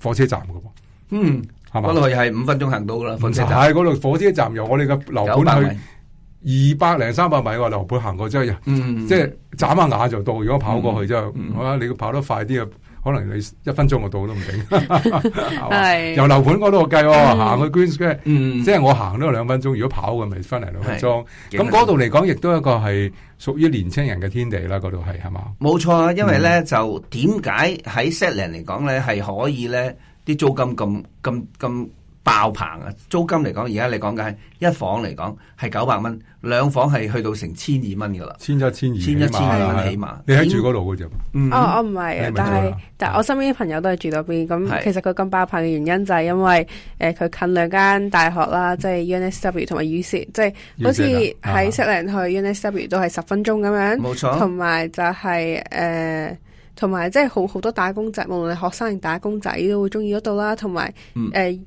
火車站噶、啊。嗯，係嘛？嗰度係五分鐘行到噶啦，火車站係嗰度火車站，車站由我哋嘅樓盤去二百零三百米話樓盤行過即係，即係眨下眼就到。如果跑過去就，啊、嗯嗯，你要跑得快啲啊！可能你一分鐘我到都唔定，係 由樓盤嗰度計，行去 Green Square、嗯、即係我行都有兩分鐘。如果跑嘅咪翻嚟兩分鐘。咁嗰度嚟講，亦都一個係屬於年青人嘅天地啦。嗰度係係嘛？冇錯啊，因為咧、嗯、就點解喺 Settle 嚟講咧係可以咧啲租金咁咁咁。爆棚啊！租金嚟講，而家你講嘅係一房嚟講係九百蚊，兩房係去到成千二蚊噶啦，千一千二，千一千二蚊起碼。你喺住嗰度嘅啫？哦，我唔係，但係但係我身邊啲朋友都係住嗰邊。咁其實佢咁爆棚嘅原因就係因為誒佢，呃，近兩間大學啦，即係 U N S W 同埋 U C，即係好似喺 Seven 去 U N S W 都係十分鐘咁樣，冇錯。同埋就係、是、誒，同埋即係好好多打工仔，無論係學生定打工仔都會中意嗰度啦。同埋誒。呃嗯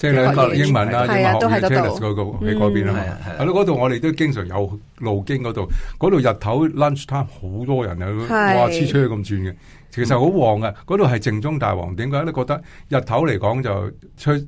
即、就、係、是、英文啦、啊，英文、啊英文，啊英文啊、學 Charles 嗰、那個喺嗰邊啊嘛，係咯，嗰度我哋都經常有路經嗰度，嗰度日頭 lunch time 好多人啊，哇車車咁轉嘅，其實好旺噶。嗰度係正宗大王，點解你覺得日頭嚟講就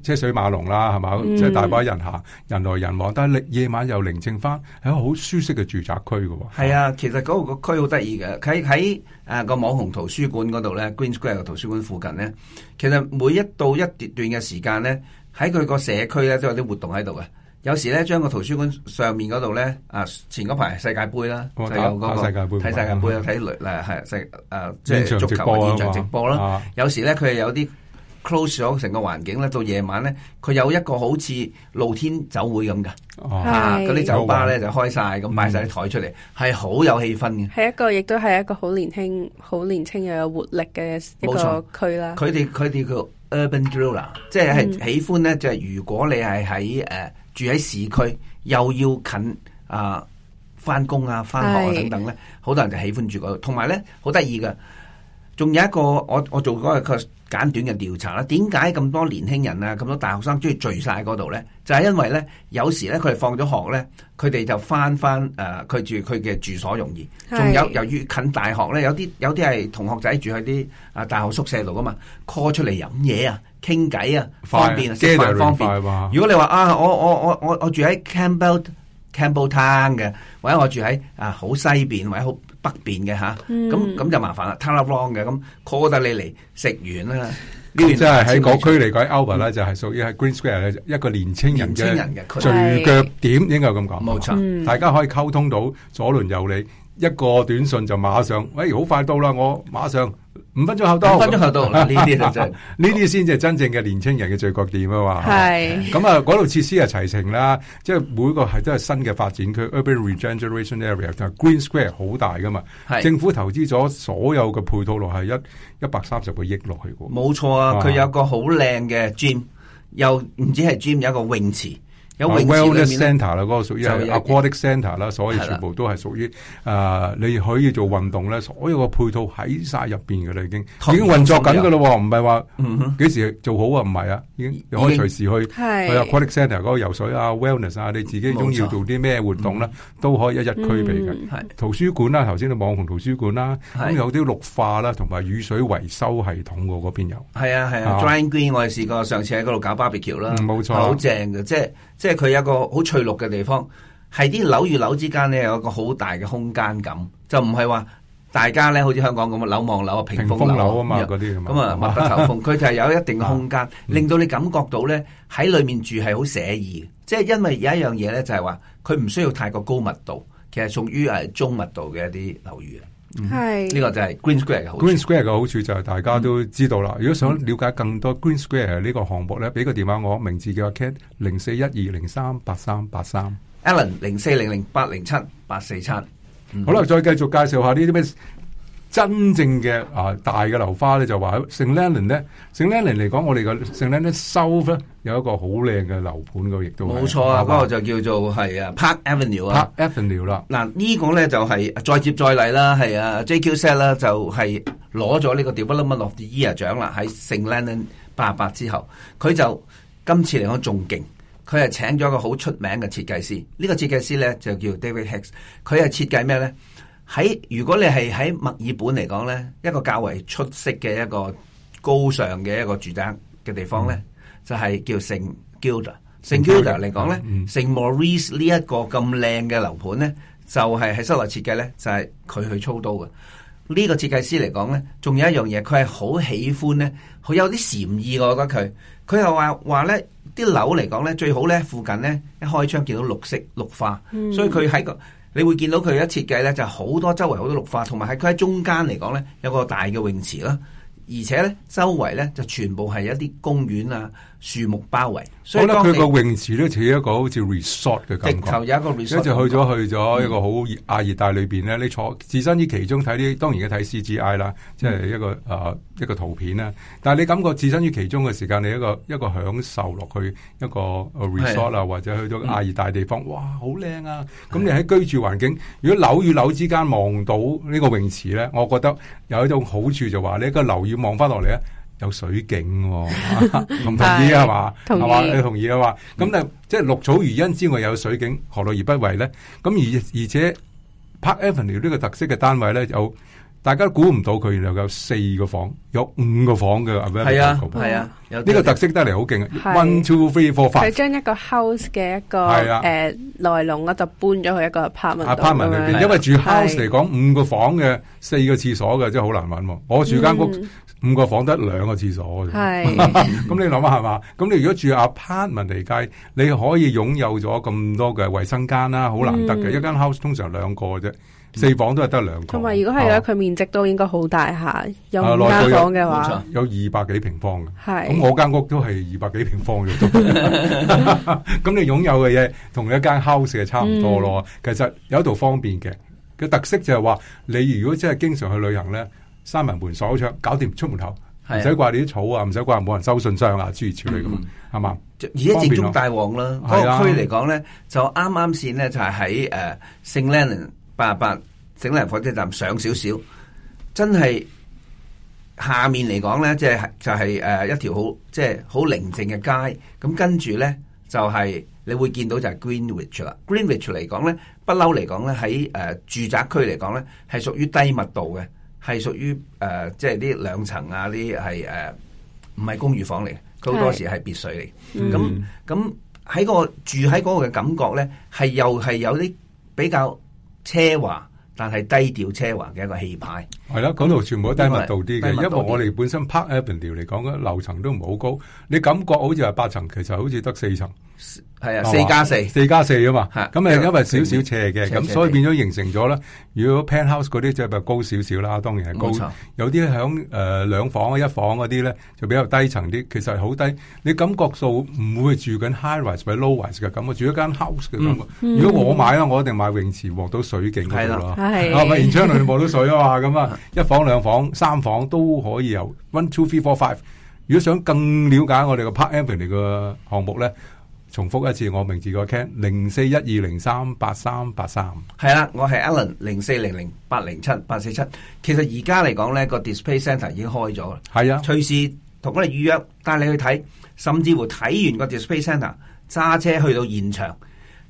車水馬龍啦，係嘛？即係大把人行，人來人往。但係你夜晚又寧靜翻，係好舒適嘅住宅區喎。係啊，其實嗰個區好得意嘅，喺喺誒個網紅圖書館嗰度咧，Green Square 圖書館附近咧，其實每一到一段嘅時間咧。喺佢個社區咧都有啲活動喺度嘅，有時咧將個圖書館上面嗰度咧啊前嗰排世界杯啦、那個，就有個世界杯，睇世界杯又睇誒係，即係、就是、足球嘅現場直播啦。有時咧佢又有啲 close 咗成個環境咧，到夜晚咧佢有一個好似露天酒會咁嘅，吓，嗰、啊、啲酒吧咧就開晒咁擺晒啲台出嚟，係、嗯、好有氣氛嘅。係一個亦都係一個好年輕、好年輕又有活力嘅一個區啦。佢哋佢哋個。Urban dweller 即係喜歡咧，就係如果你係喺誒住喺市區，又要近、呃、啊翻工啊翻學啊等等咧，好多人就喜歡住嗰、那、度、個。同埋咧，好得意嘅，仲有一個我我做嗰、那個。簡短嘅調查啦，點解咁多年輕人啊，咁多大學生中意聚晒嗰度咧？就係、是、因為咧，有時咧佢哋放咗學咧，佢哋就翻翻誒佢住佢嘅住所容易。仲有由於近大學咧，有啲有啲係同學仔住喺啲啊大學宿舍度啊嘛，call 出嚟飲嘢啊、傾偈啊，fine, 方便，啊，車就方便。Fine. 如果你話啊，我我我我我住喺 Campbell Campbelltown 嘅，或者我住喺啊好西邊或者好。北邊嘅吓，咁、嗯、咁就麻煩啦 telephone 嘅咁 call 得你嚟食完啦。咁即係喺嗰區嚟講，Albert 咧就係屬於喺 Green Square 嘅一個年青人嘅聚腳點，應該咁講。冇錯、嗯，大家可以溝通到左鄰右里，一個短信就馬上，喂、嗯、好、哎、快到啦，我馬上。五分鐘後到，五分鐘後到，呢啲就真，呢啲先至係真正嘅年青人嘅聚角點啊！話 係，咁啊，嗰度設施又齊成啦，即係每個係都係新嘅發展區，Urban Regeneration Area 就係 Green Square 好大噶嘛，政府投資咗所有嘅配套路係一一百三十個億落去冇錯啊！佢、啊、有個好靚嘅 gym 又唔止係 gym 有一個泳池。有 wellness center, 個 center 啦，嗰個屬於 aquatic center 啦，所以全部都係屬於誒，你可以做運動咧，所有個配套喺晒入邊㗎啦，已經已經運作緊噶喎。唔係話幾時做好啊？唔係啊，已經可以隨時去去 aquatic center 嗰個游水啊，wellness 啊，你自己鍾意做啲咩活動呢，都可以一日俱備嘅。圖書館啦，啊，頭先你網紅圖書館啦，啊，咁有啲綠化啦，啊，同埋雨水維修系統嘅，嗰邊有。係啊係啊，dry green 我哋試過，上次喺嗰度搞 barbecue 咯，嗯，冇錯，好正嘅，即係。即係佢有一個好翠綠嘅地方，係啲樓與樓之間咧有一個好大嘅空間感，就唔係話大家咧好似香港咁啊，樓望樓啊，屏風樓啊嘛嗰啲咁啊，密不透風。佢 就係有一定嘅空間，令到你感覺到咧喺裏面住係好寫意。即係因為有一樣嘢咧，就係話佢唔需要太過高密度，其實屬於中密度嘅一啲樓宇。係、嗯、呢、這個就係 Green Square 好。好 Green Square 嘅好處就係大家都知道啦、嗯。如果想了解更多 Green Square 這個項呢個項目咧，俾、嗯、個電話我，名字叫 Ken，零四一二零三八三八三。Alan 零四零零八零七八四七。好、嗯、啦，再繼續介紹下呢啲咩？真正嘅啊大嘅樓花咧就話喺聖蘭尼咧聖蘭尼嚟講，我哋嘅聖蘭尼收咧有一個好靚嘅樓盤嘅亦都冇錯啊！嗰、啊那個就叫做係啊 Park Avenue 啊 Park Avenue 啦嗱、啊這個、呢個咧就係、是、再接再厲啦，係啊 JQZ 啦就係攞咗呢個 Development of the Year 獎啦喺聖蘭尼八十八之後，佢就今次嚟講仲勁，佢係請咗個個好出名嘅設計師，呢、這個設計師咧就叫 David Hicks 佢係設計咩咧？喺如果你係喺墨爾本嚟講咧，一個較為出色嘅一個高尚嘅一個住宅嘅地方咧、mm -hmm. mm -hmm. mm -hmm.，就係叫聖 Gilda。聖 Gilda 嚟講咧，聖 Maurice 呢一個咁靚嘅樓盤咧，就係喺室內設計咧，就係佢去操刀嘅。這個、設計呢個設計師嚟講咧，仲有一樣嘢，佢係好喜歡咧，佢有啲禪意我覺得佢，佢又話話咧，啲樓嚟講咧，最好咧，附近咧，一開窗見到綠色綠化，mm -hmm. 所以佢喺個。你會見到佢一設計咧，就係好多周圍好多綠化，同埋喺佢喺中間嚟講咧，有個大嘅泳池啦，而且咧周圍咧就全部係一啲公園啊。樹木包圍，所以當佢個泳池咧似一個好似 resort 嘅感覺，直頭有一個 resort，一直去咗去咗一個好熱亞熱帶裏邊咧，你坐置身於其中睇啲，當然嘅睇 CGI 啦，即係一個誒、嗯啊、一個圖片啦。但係你感覺置身於其中嘅時間，你一個一個享受落去一個 resort 啊，或者去到亞熱帶地方，嗯、哇，好靚啊！咁你喺居住環境，如果樓與樓之間望到呢個泳池咧，我覺得有一種好處就話，你一個樓要望翻落嚟咧。有水景，同唔同意啊？嘛，係嘛？你同意啊？ 嘛？咁啊，即係綠草如茵之外有水景，何樂而不為咧？咁而而且 Park Avenue 呢個特色嘅單位咧有。大家估唔到佢，原來有四個房，有五個房嘅。係啊，係啊，呢個，個特色得嚟好勁。One, two, three, four, five。佢將一個 house 嘅一個誒內籠咧，啊呃、容就搬咗去一個 apartment 裏 apartment 邊、啊。因為住 house 嚟講，五、啊、個房嘅四個廁所嘅真係好難搵喎、啊。我住間屋五、啊、個房得兩個廁所。咁、啊，你諗下係嘛？咁、啊 是啊、 你如果住 apartment 嚟計，你可以擁有咗咁多嘅衞生間啦，好難得嘅、嗯。一間 house 通常兩個啫。四房都係得兩個，同埋如果係咧，佢、啊、面積都應該好大下、啊，有三房嘅話，有二百幾平方嘅。係咁，我間屋都係二百幾平方嘅。咁 你擁有嘅嘢，同你一間 house 嘅差唔多咯、嗯。其實有一度方便嘅，嘅特色就係話，你如果真係經常去旅行咧，閂埋門鎖好窗，搞掂出門口，唔使掛你啲草啊，唔使掛冇人收信箱啊，諸如此類咁，係、嗯、嘛？而家直租大王啦，嗰個區嚟講咧，就啱啱先咧就係喺誒聖 Leon 八十八，整嚟火車站上少少，真係下面嚟講咧，即係就係、是、誒、就是呃、一條好即係好寧靜嘅街。咁、嗯、跟住咧，就係、是、你會見到就係 Greenwich 啦。Greenwich 嚟講咧，不嬲嚟講咧，喺誒、呃、住宅區嚟講咧，係屬於低密度嘅，係屬於誒即係啲兩層啊，啲係誒唔係公寓房嚟嘅，好多時係別墅嚟。咁咁喺個住喺嗰個嘅感覺咧，係又係有啲比較。奢華，但係低調奢華嘅一個氣派。係啦，嗰度全部都低密度啲嘅，因為我哋本身 Park Avenue 嚟講咧，樓層都唔好高，你感覺好似係八層，其實好似得四層，係啊，四加四，四加四啊嘛，咁啊因為少少斜嘅，咁所以變咗形成咗咧。如果 penthouse 嗰啲就咪高少少啦，當然係高，有啲響誒兩房啊一房嗰啲咧就比較低層啲，其實係好低，你感覺數唔會住緊 high rise 或者 low rise 嘅，咁我住一間 house 嘅感覺。如果我買啦，我一定買泳池望到水景嗰度咯，啊，望沿窗台望到水啊嘛，咁啊。一房、兩房、三房都可以有。One, two, three, four, five。如果想更了解我哋嘅 Park Avenue 嘅項目咧，重複一次我名字個 can，零四一二零三八三八三。係啦，我係 Alan，零四零零八零七八四七。其實而家嚟講咧，個 display center 已經開咗啦。係啊，隨時同我哋預約，帶你去睇，甚至乎睇完個 display center，揸車去到現場，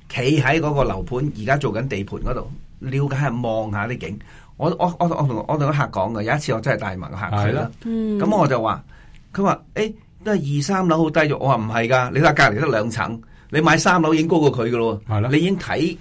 企喺嗰個樓盤而家做緊地盤嗰度，了解一下、望下啲景。.我我我我同我同客講噶，有一次我真係帶埋個客佢啦，咁、嗯、我就話佢話誒都係二三樓好低喎，我話唔係噶，你睇下隔籬得兩層，你買三樓已經高過佢噶咯，你已經睇。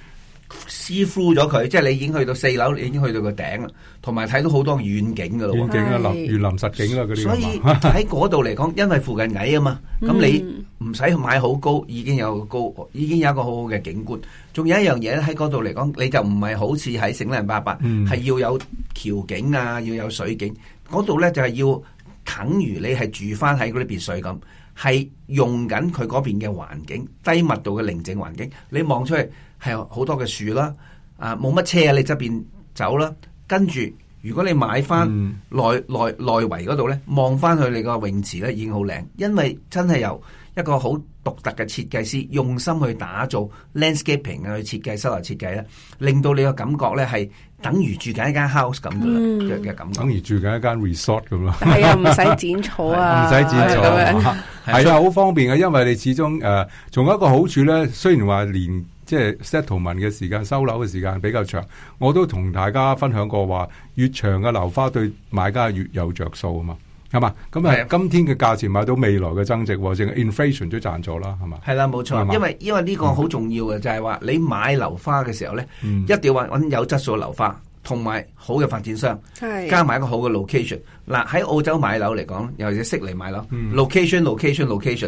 see through 咗佢，即係你已經去到四樓，你已經去到個頂啦，同埋睇到好多遠景噶咯。遠景啊，林園林實景啦、啊，啲。所以喺嗰度嚟講，因為附近矮啊嘛，咁你唔使買好高，已經有高，已經有一個好好嘅景觀。仲有一樣嘢喺嗰度嚟講，你就唔係好似喺醒靈八八，係、嗯、要有橋景啊，要有水景。嗰度咧就係、是、要等如你係住翻喺嗰啲別墅咁，係用緊佢嗰邊嘅環境，低密度嘅寧靜環境，你望出去。係好多嘅樹啦，啊冇乜車啊，你側邊走啦，跟住如果你買翻內內內圍嗰度咧，望翻去你個泳池咧已經好靚，因為真係由一個好獨特嘅設計師用心去打造 landscaping 啊，去設計、修樓、設計啦，令到你嘅感覺咧係等於住緊一間 house 咁嘅、嗯、感覺，等於住緊一間 resort 咁咯。係、嗯、 啊，唔使剪草啊，唔使剪草，係啊，好、啊啊 啊、方便嘅。因為你始終誒，仲、呃、有一個好處咧，雖然話連。即係 settlement 嘅時間、收樓嘅時間比較長，我都同大家分享過話，越長嘅樓花對買家越有着數啊嘛，係嘛？咁啊，今天嘅價錢買到未來嘅增值，淨係 inflation 都賺咗啦，係嘛？係啦，冇錯，因為因為呢個好重要嘅就係話，你買樓花嘅時候咧、嗯，一定要揾有質素嘅樓花，同埋好嘅發展商，加埋一個好嘅 location。嗱，喺澳洲買樓嚟講，尤其是悉尼買樓，location，location，location，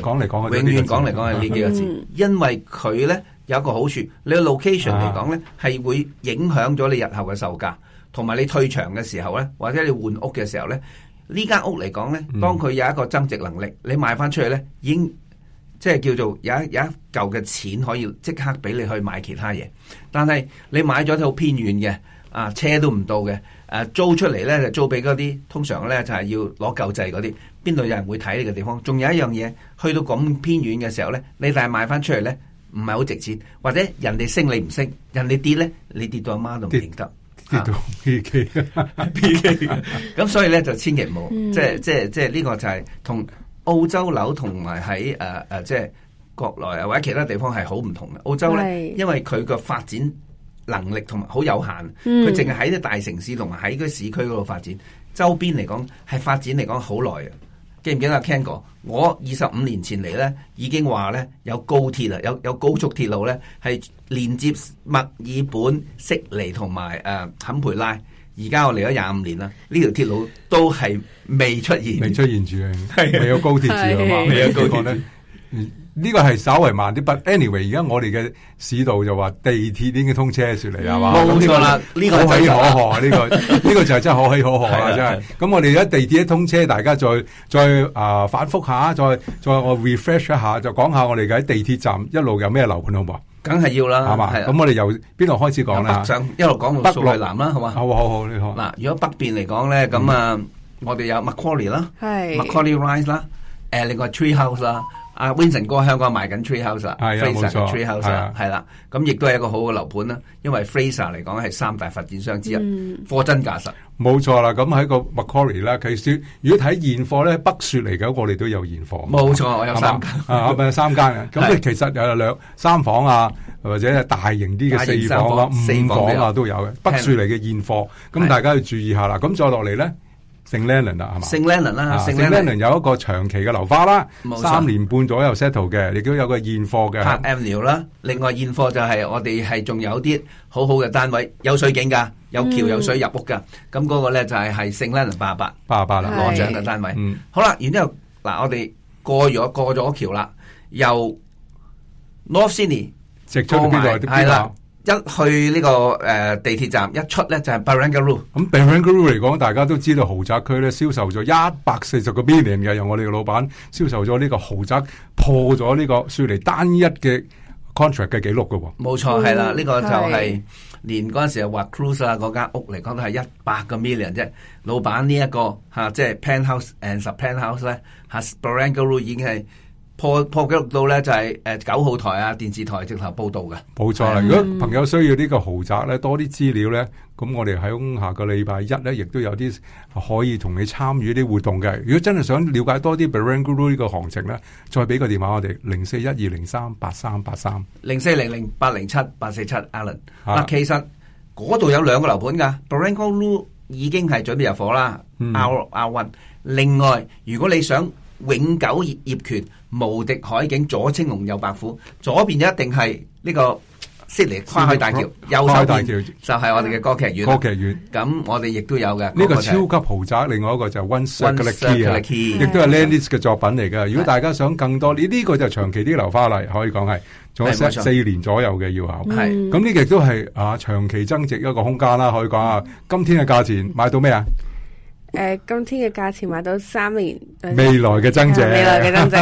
講 location，嚟講去，永遠講嚟講係呢幾個字，嗯、因為佢咧。有一個好處，你個 location 嚟講呢，係、啊、會影響咗你日後嘅售價，同埋你退場嘅時候呢，或者你換屋嘅時候呢。呢間屋嚟講呢，當佢有一個增值能力，嗯、你賣翻出去呢，已經即係叫做有一有一嚿嘅錢可以即刻俾你去買其他嘢。但係你買咗套偏遠嘅啊，車都唔到嘅誒、啊，租出嚟呢，就租俾嗰啲通常呢，就係、是、要攞救濟嗰啲，邊度有人會睇你嘅地方？仲有一樣嘢，去到咁偏遠嘅時候呢，你但係賣翻出去呢。唔係好值錢，或者人哋升你唔升，人哋跌咧，你跌到阿媽都唔認得，跌到 PK，PK、啊。咁 所以咧就千祈唔好、嗯，即係即係即係呢個就係同澳洲樓同埋喺誒誒即係國內或者其他地方係好唔同嘅。澳洲咧，因為佢嘅發展能力同埋好有限，佢淨係喺啲大城市同埋喺個市區嗰度發展，周邊嚟講係發展嚟講好耐嘅。記唔記得啊？聽過我二十五年前嚟咧，已經話咧有高鐵啦，有有高速鐵路咧係連接墨爾本、悉尼同埋誒堪培拉。而家我嚟咗廿五年啦，呢條鐵路都係未出現，未出現住，係未有高鐵住啊嘛，未有高鐵。 呢、這個係稍微慢啲，but anyway，而家我哋嘅市道就話地鐵已經通車說嚟係嘛？冇錯啦，呢、這個係可喜可賀，呢、 這個呢、這個就真係可喜可賀真係。咁、啊、我哋而家地鐵一通車，大家再再啊、呃、反覆下，再再我 refresh 一下，就講下我哋嘅喺地鐵站一路有咩樓盤好唔好？梗係要啦，係嘛？咁、啊、我哋由邊度開始講啦一路講到北嚟南啦，好嘛？好，好，好，你好。嗱，如果北邊嚟講咧，咁、嗯、啊，我哋有 Macquarie 啦 Macquarie Rise 啦，誒，另一個 Tree House 啦。阿 Winson 哥喺香港賣緊 Tree House 係 Fraser Tree House 係啦，咁亦都係一個好嘅樓盤啦。因為 Fraser 嚟講係三大發展商之一，貨、嗯、真價實。冇錯啦，咁喺個 Macquarie 啦，佢說。如果睇現貨咧，北雪嚟嘅，我哋都有現貨。冇錯，我有三間。啊，咁 三間嘅。咁其實有兩三房啊，或者係大型啲嘅四房啦、五房啊四房都有嘅。北雪嚟嘅現貨，咁大家要注意一下啦。咁再落嚟咧。聖 Lennon 啊，係嘛？聖 Lennon 啦，聖 Lennon 有一個長期嘅樓花啦，三年半左右 settle 嘅，亦都有個現貨嘅。拍 annual 啦，另外現貨就係我哋係仲有啲好好嘅單位，有水景噶，有橋有水入屋噶，咁嗰個咧就係係聖 Lennon 八十八八十八啦，攞獎嘅單位。好啦，然之後嗱，我哋過咗過咗橋啦，由 North Sydney，直出邊耐啲邊路。一去呢、這個誒、呃、地鐵站一出咧就係 Barangaroo 咁 Barangaroo 嚟講，大家都知道豪宅區咧，銷售咗一百四十個 million 嘅，由我哋個老闆銷售咗呢個豪宅，破咗呢個雪梨單一嘅 contract 嘅記錄喎。冇錯係啦呢、這個就係連嗰陣時話 cruise 啦，嗰間屋嚟講都係一百個 million 啫，老闆呢一個吓即係 penthouse sub、啊、penthouse 咧吓 Barangaroo 已經係。破破紀錄到咧就係誒九號台啊電視台直頭報道嘅，冇錯啦。如果朋友需要呢個豪宅咧多啲資料咧，咁我哋喺下個禮拜一咧，亦都有啲可以同你參與啲活動嘅。如果真係想了解多啲 Barranco 呢個行情咧，再俾個電話我哋零四一二零三八三八三零四零零八零七八四七 Alan。嗱、啊，其實嗰度有兩個樓盤噶 Barranco 已經係準備入伙啦。Out Out One。另外，如果你想。永久業業權無敵海景左青龍右白虎左邊一定係呢個悉尼跨海大橋，右海大橋就係我哋嘅歌,歌劇院。歌劇院咁我哋亦都有嘅。呢個,、這個超級豪宅，另外一個就係 One Circular Quay 亦都係 Lendlease 嘅作品嚟嘅。如果大家想更多，呢、這、呢個就係長期啲留花嚟。可以講係做咗四四年左右嘅要考。係咁呢個都係啊長期增值一個空間啦，可以講啊、嗯。今天嘅價錢買到咩啊？誒，今天嘅價錢買到三年未來嘅增值，未來嘅增值，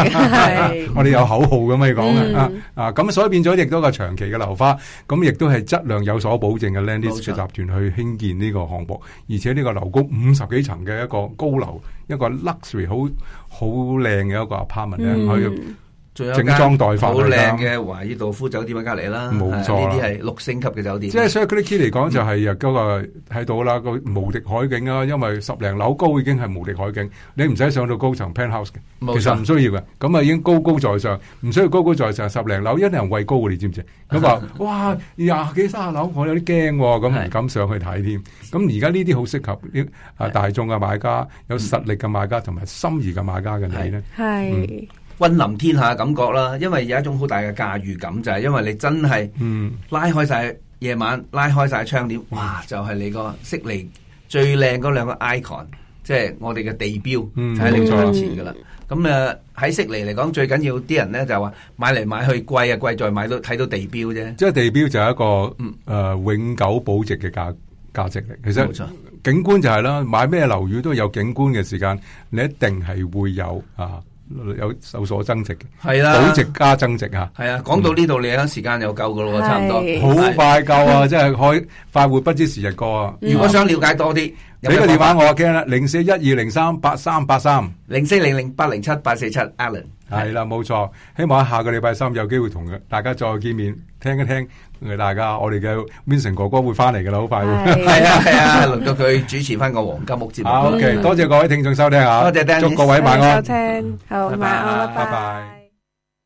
我哋有口號咁可以講嘅啊，咁所以變咗亦都係個長期嘅樓花，咁亦都係質量有所保證嘅 Lendlease 集團去興建呢個項目，而且呢個樓高五十幾層嘅一個高樓，一個 luxury 好好靚嘅一個 apartment，咧，可以。仲有整裝待發嘅好靚嘅華爾道夫酒店喺隔籬啦，冇錯啦，呢啲係六星級嘅酒店。即係 security 嚟講，就係入嗰個喺度啦，個無敵海景啦。因為十零樓高已經係無敵海景，你唔使上到高層 penthouse 嘅，其實唔需要嘅。咁啊已經高高在上，唔需要高高在上十零樓，一定人畏高嘅，你知唔知？咁話哇，廿幾卅樓，我有啲驚，咁唔敢上去睇添。咁而家呢啲好適合啊大眾嘅買家，有實力嘅買家同埋心儀嘅買家嘅你咧，係。君臨天下嘅感覺啦，因為有一種好大嘅駕馭感，就係因為你真係拉開晒夜晚，嗯、拉開晒窗簾，哇！就係你個悉尼最靚嗰兩個 icon，即係我哋嘅地標，就喺你窗前噶啦。咁啊喺悉尼嚟講，最緊要啲人咧就話買嚟買去，貴啊貴，再買到睇到地標啫。即係地標就係一個誒永久保值嘅價價值嚟。其實冇錯，景觀就係啦，買咩樓宇都有景觀嘅時間，你一定係會有啊。有有所增值嘅，係啦、啊，保值加增值是啊！係、嗯、啊，講到呢度，你有時間又夠噶咯，差唔多，好快夠啊！即係可快活不知時日過啊！如果想了解多啲，俾、嗯、個電話我啊，驚啦，零四一二零三八三八三，零四零零八零七八四七，Allen。係啦，冇錯。希望下個禮拜三有機會同大家再見面，聽一聽大家我哋嘅 Winson 哥哥會翻嚟嘅啦，好快。係啊係啊，輪到佢主持翻個黃金屋節目。好，多謝各位聽眾收聽啊，多謝 Daniel，祝各位晚安。收聽，好，晚安，拜拜。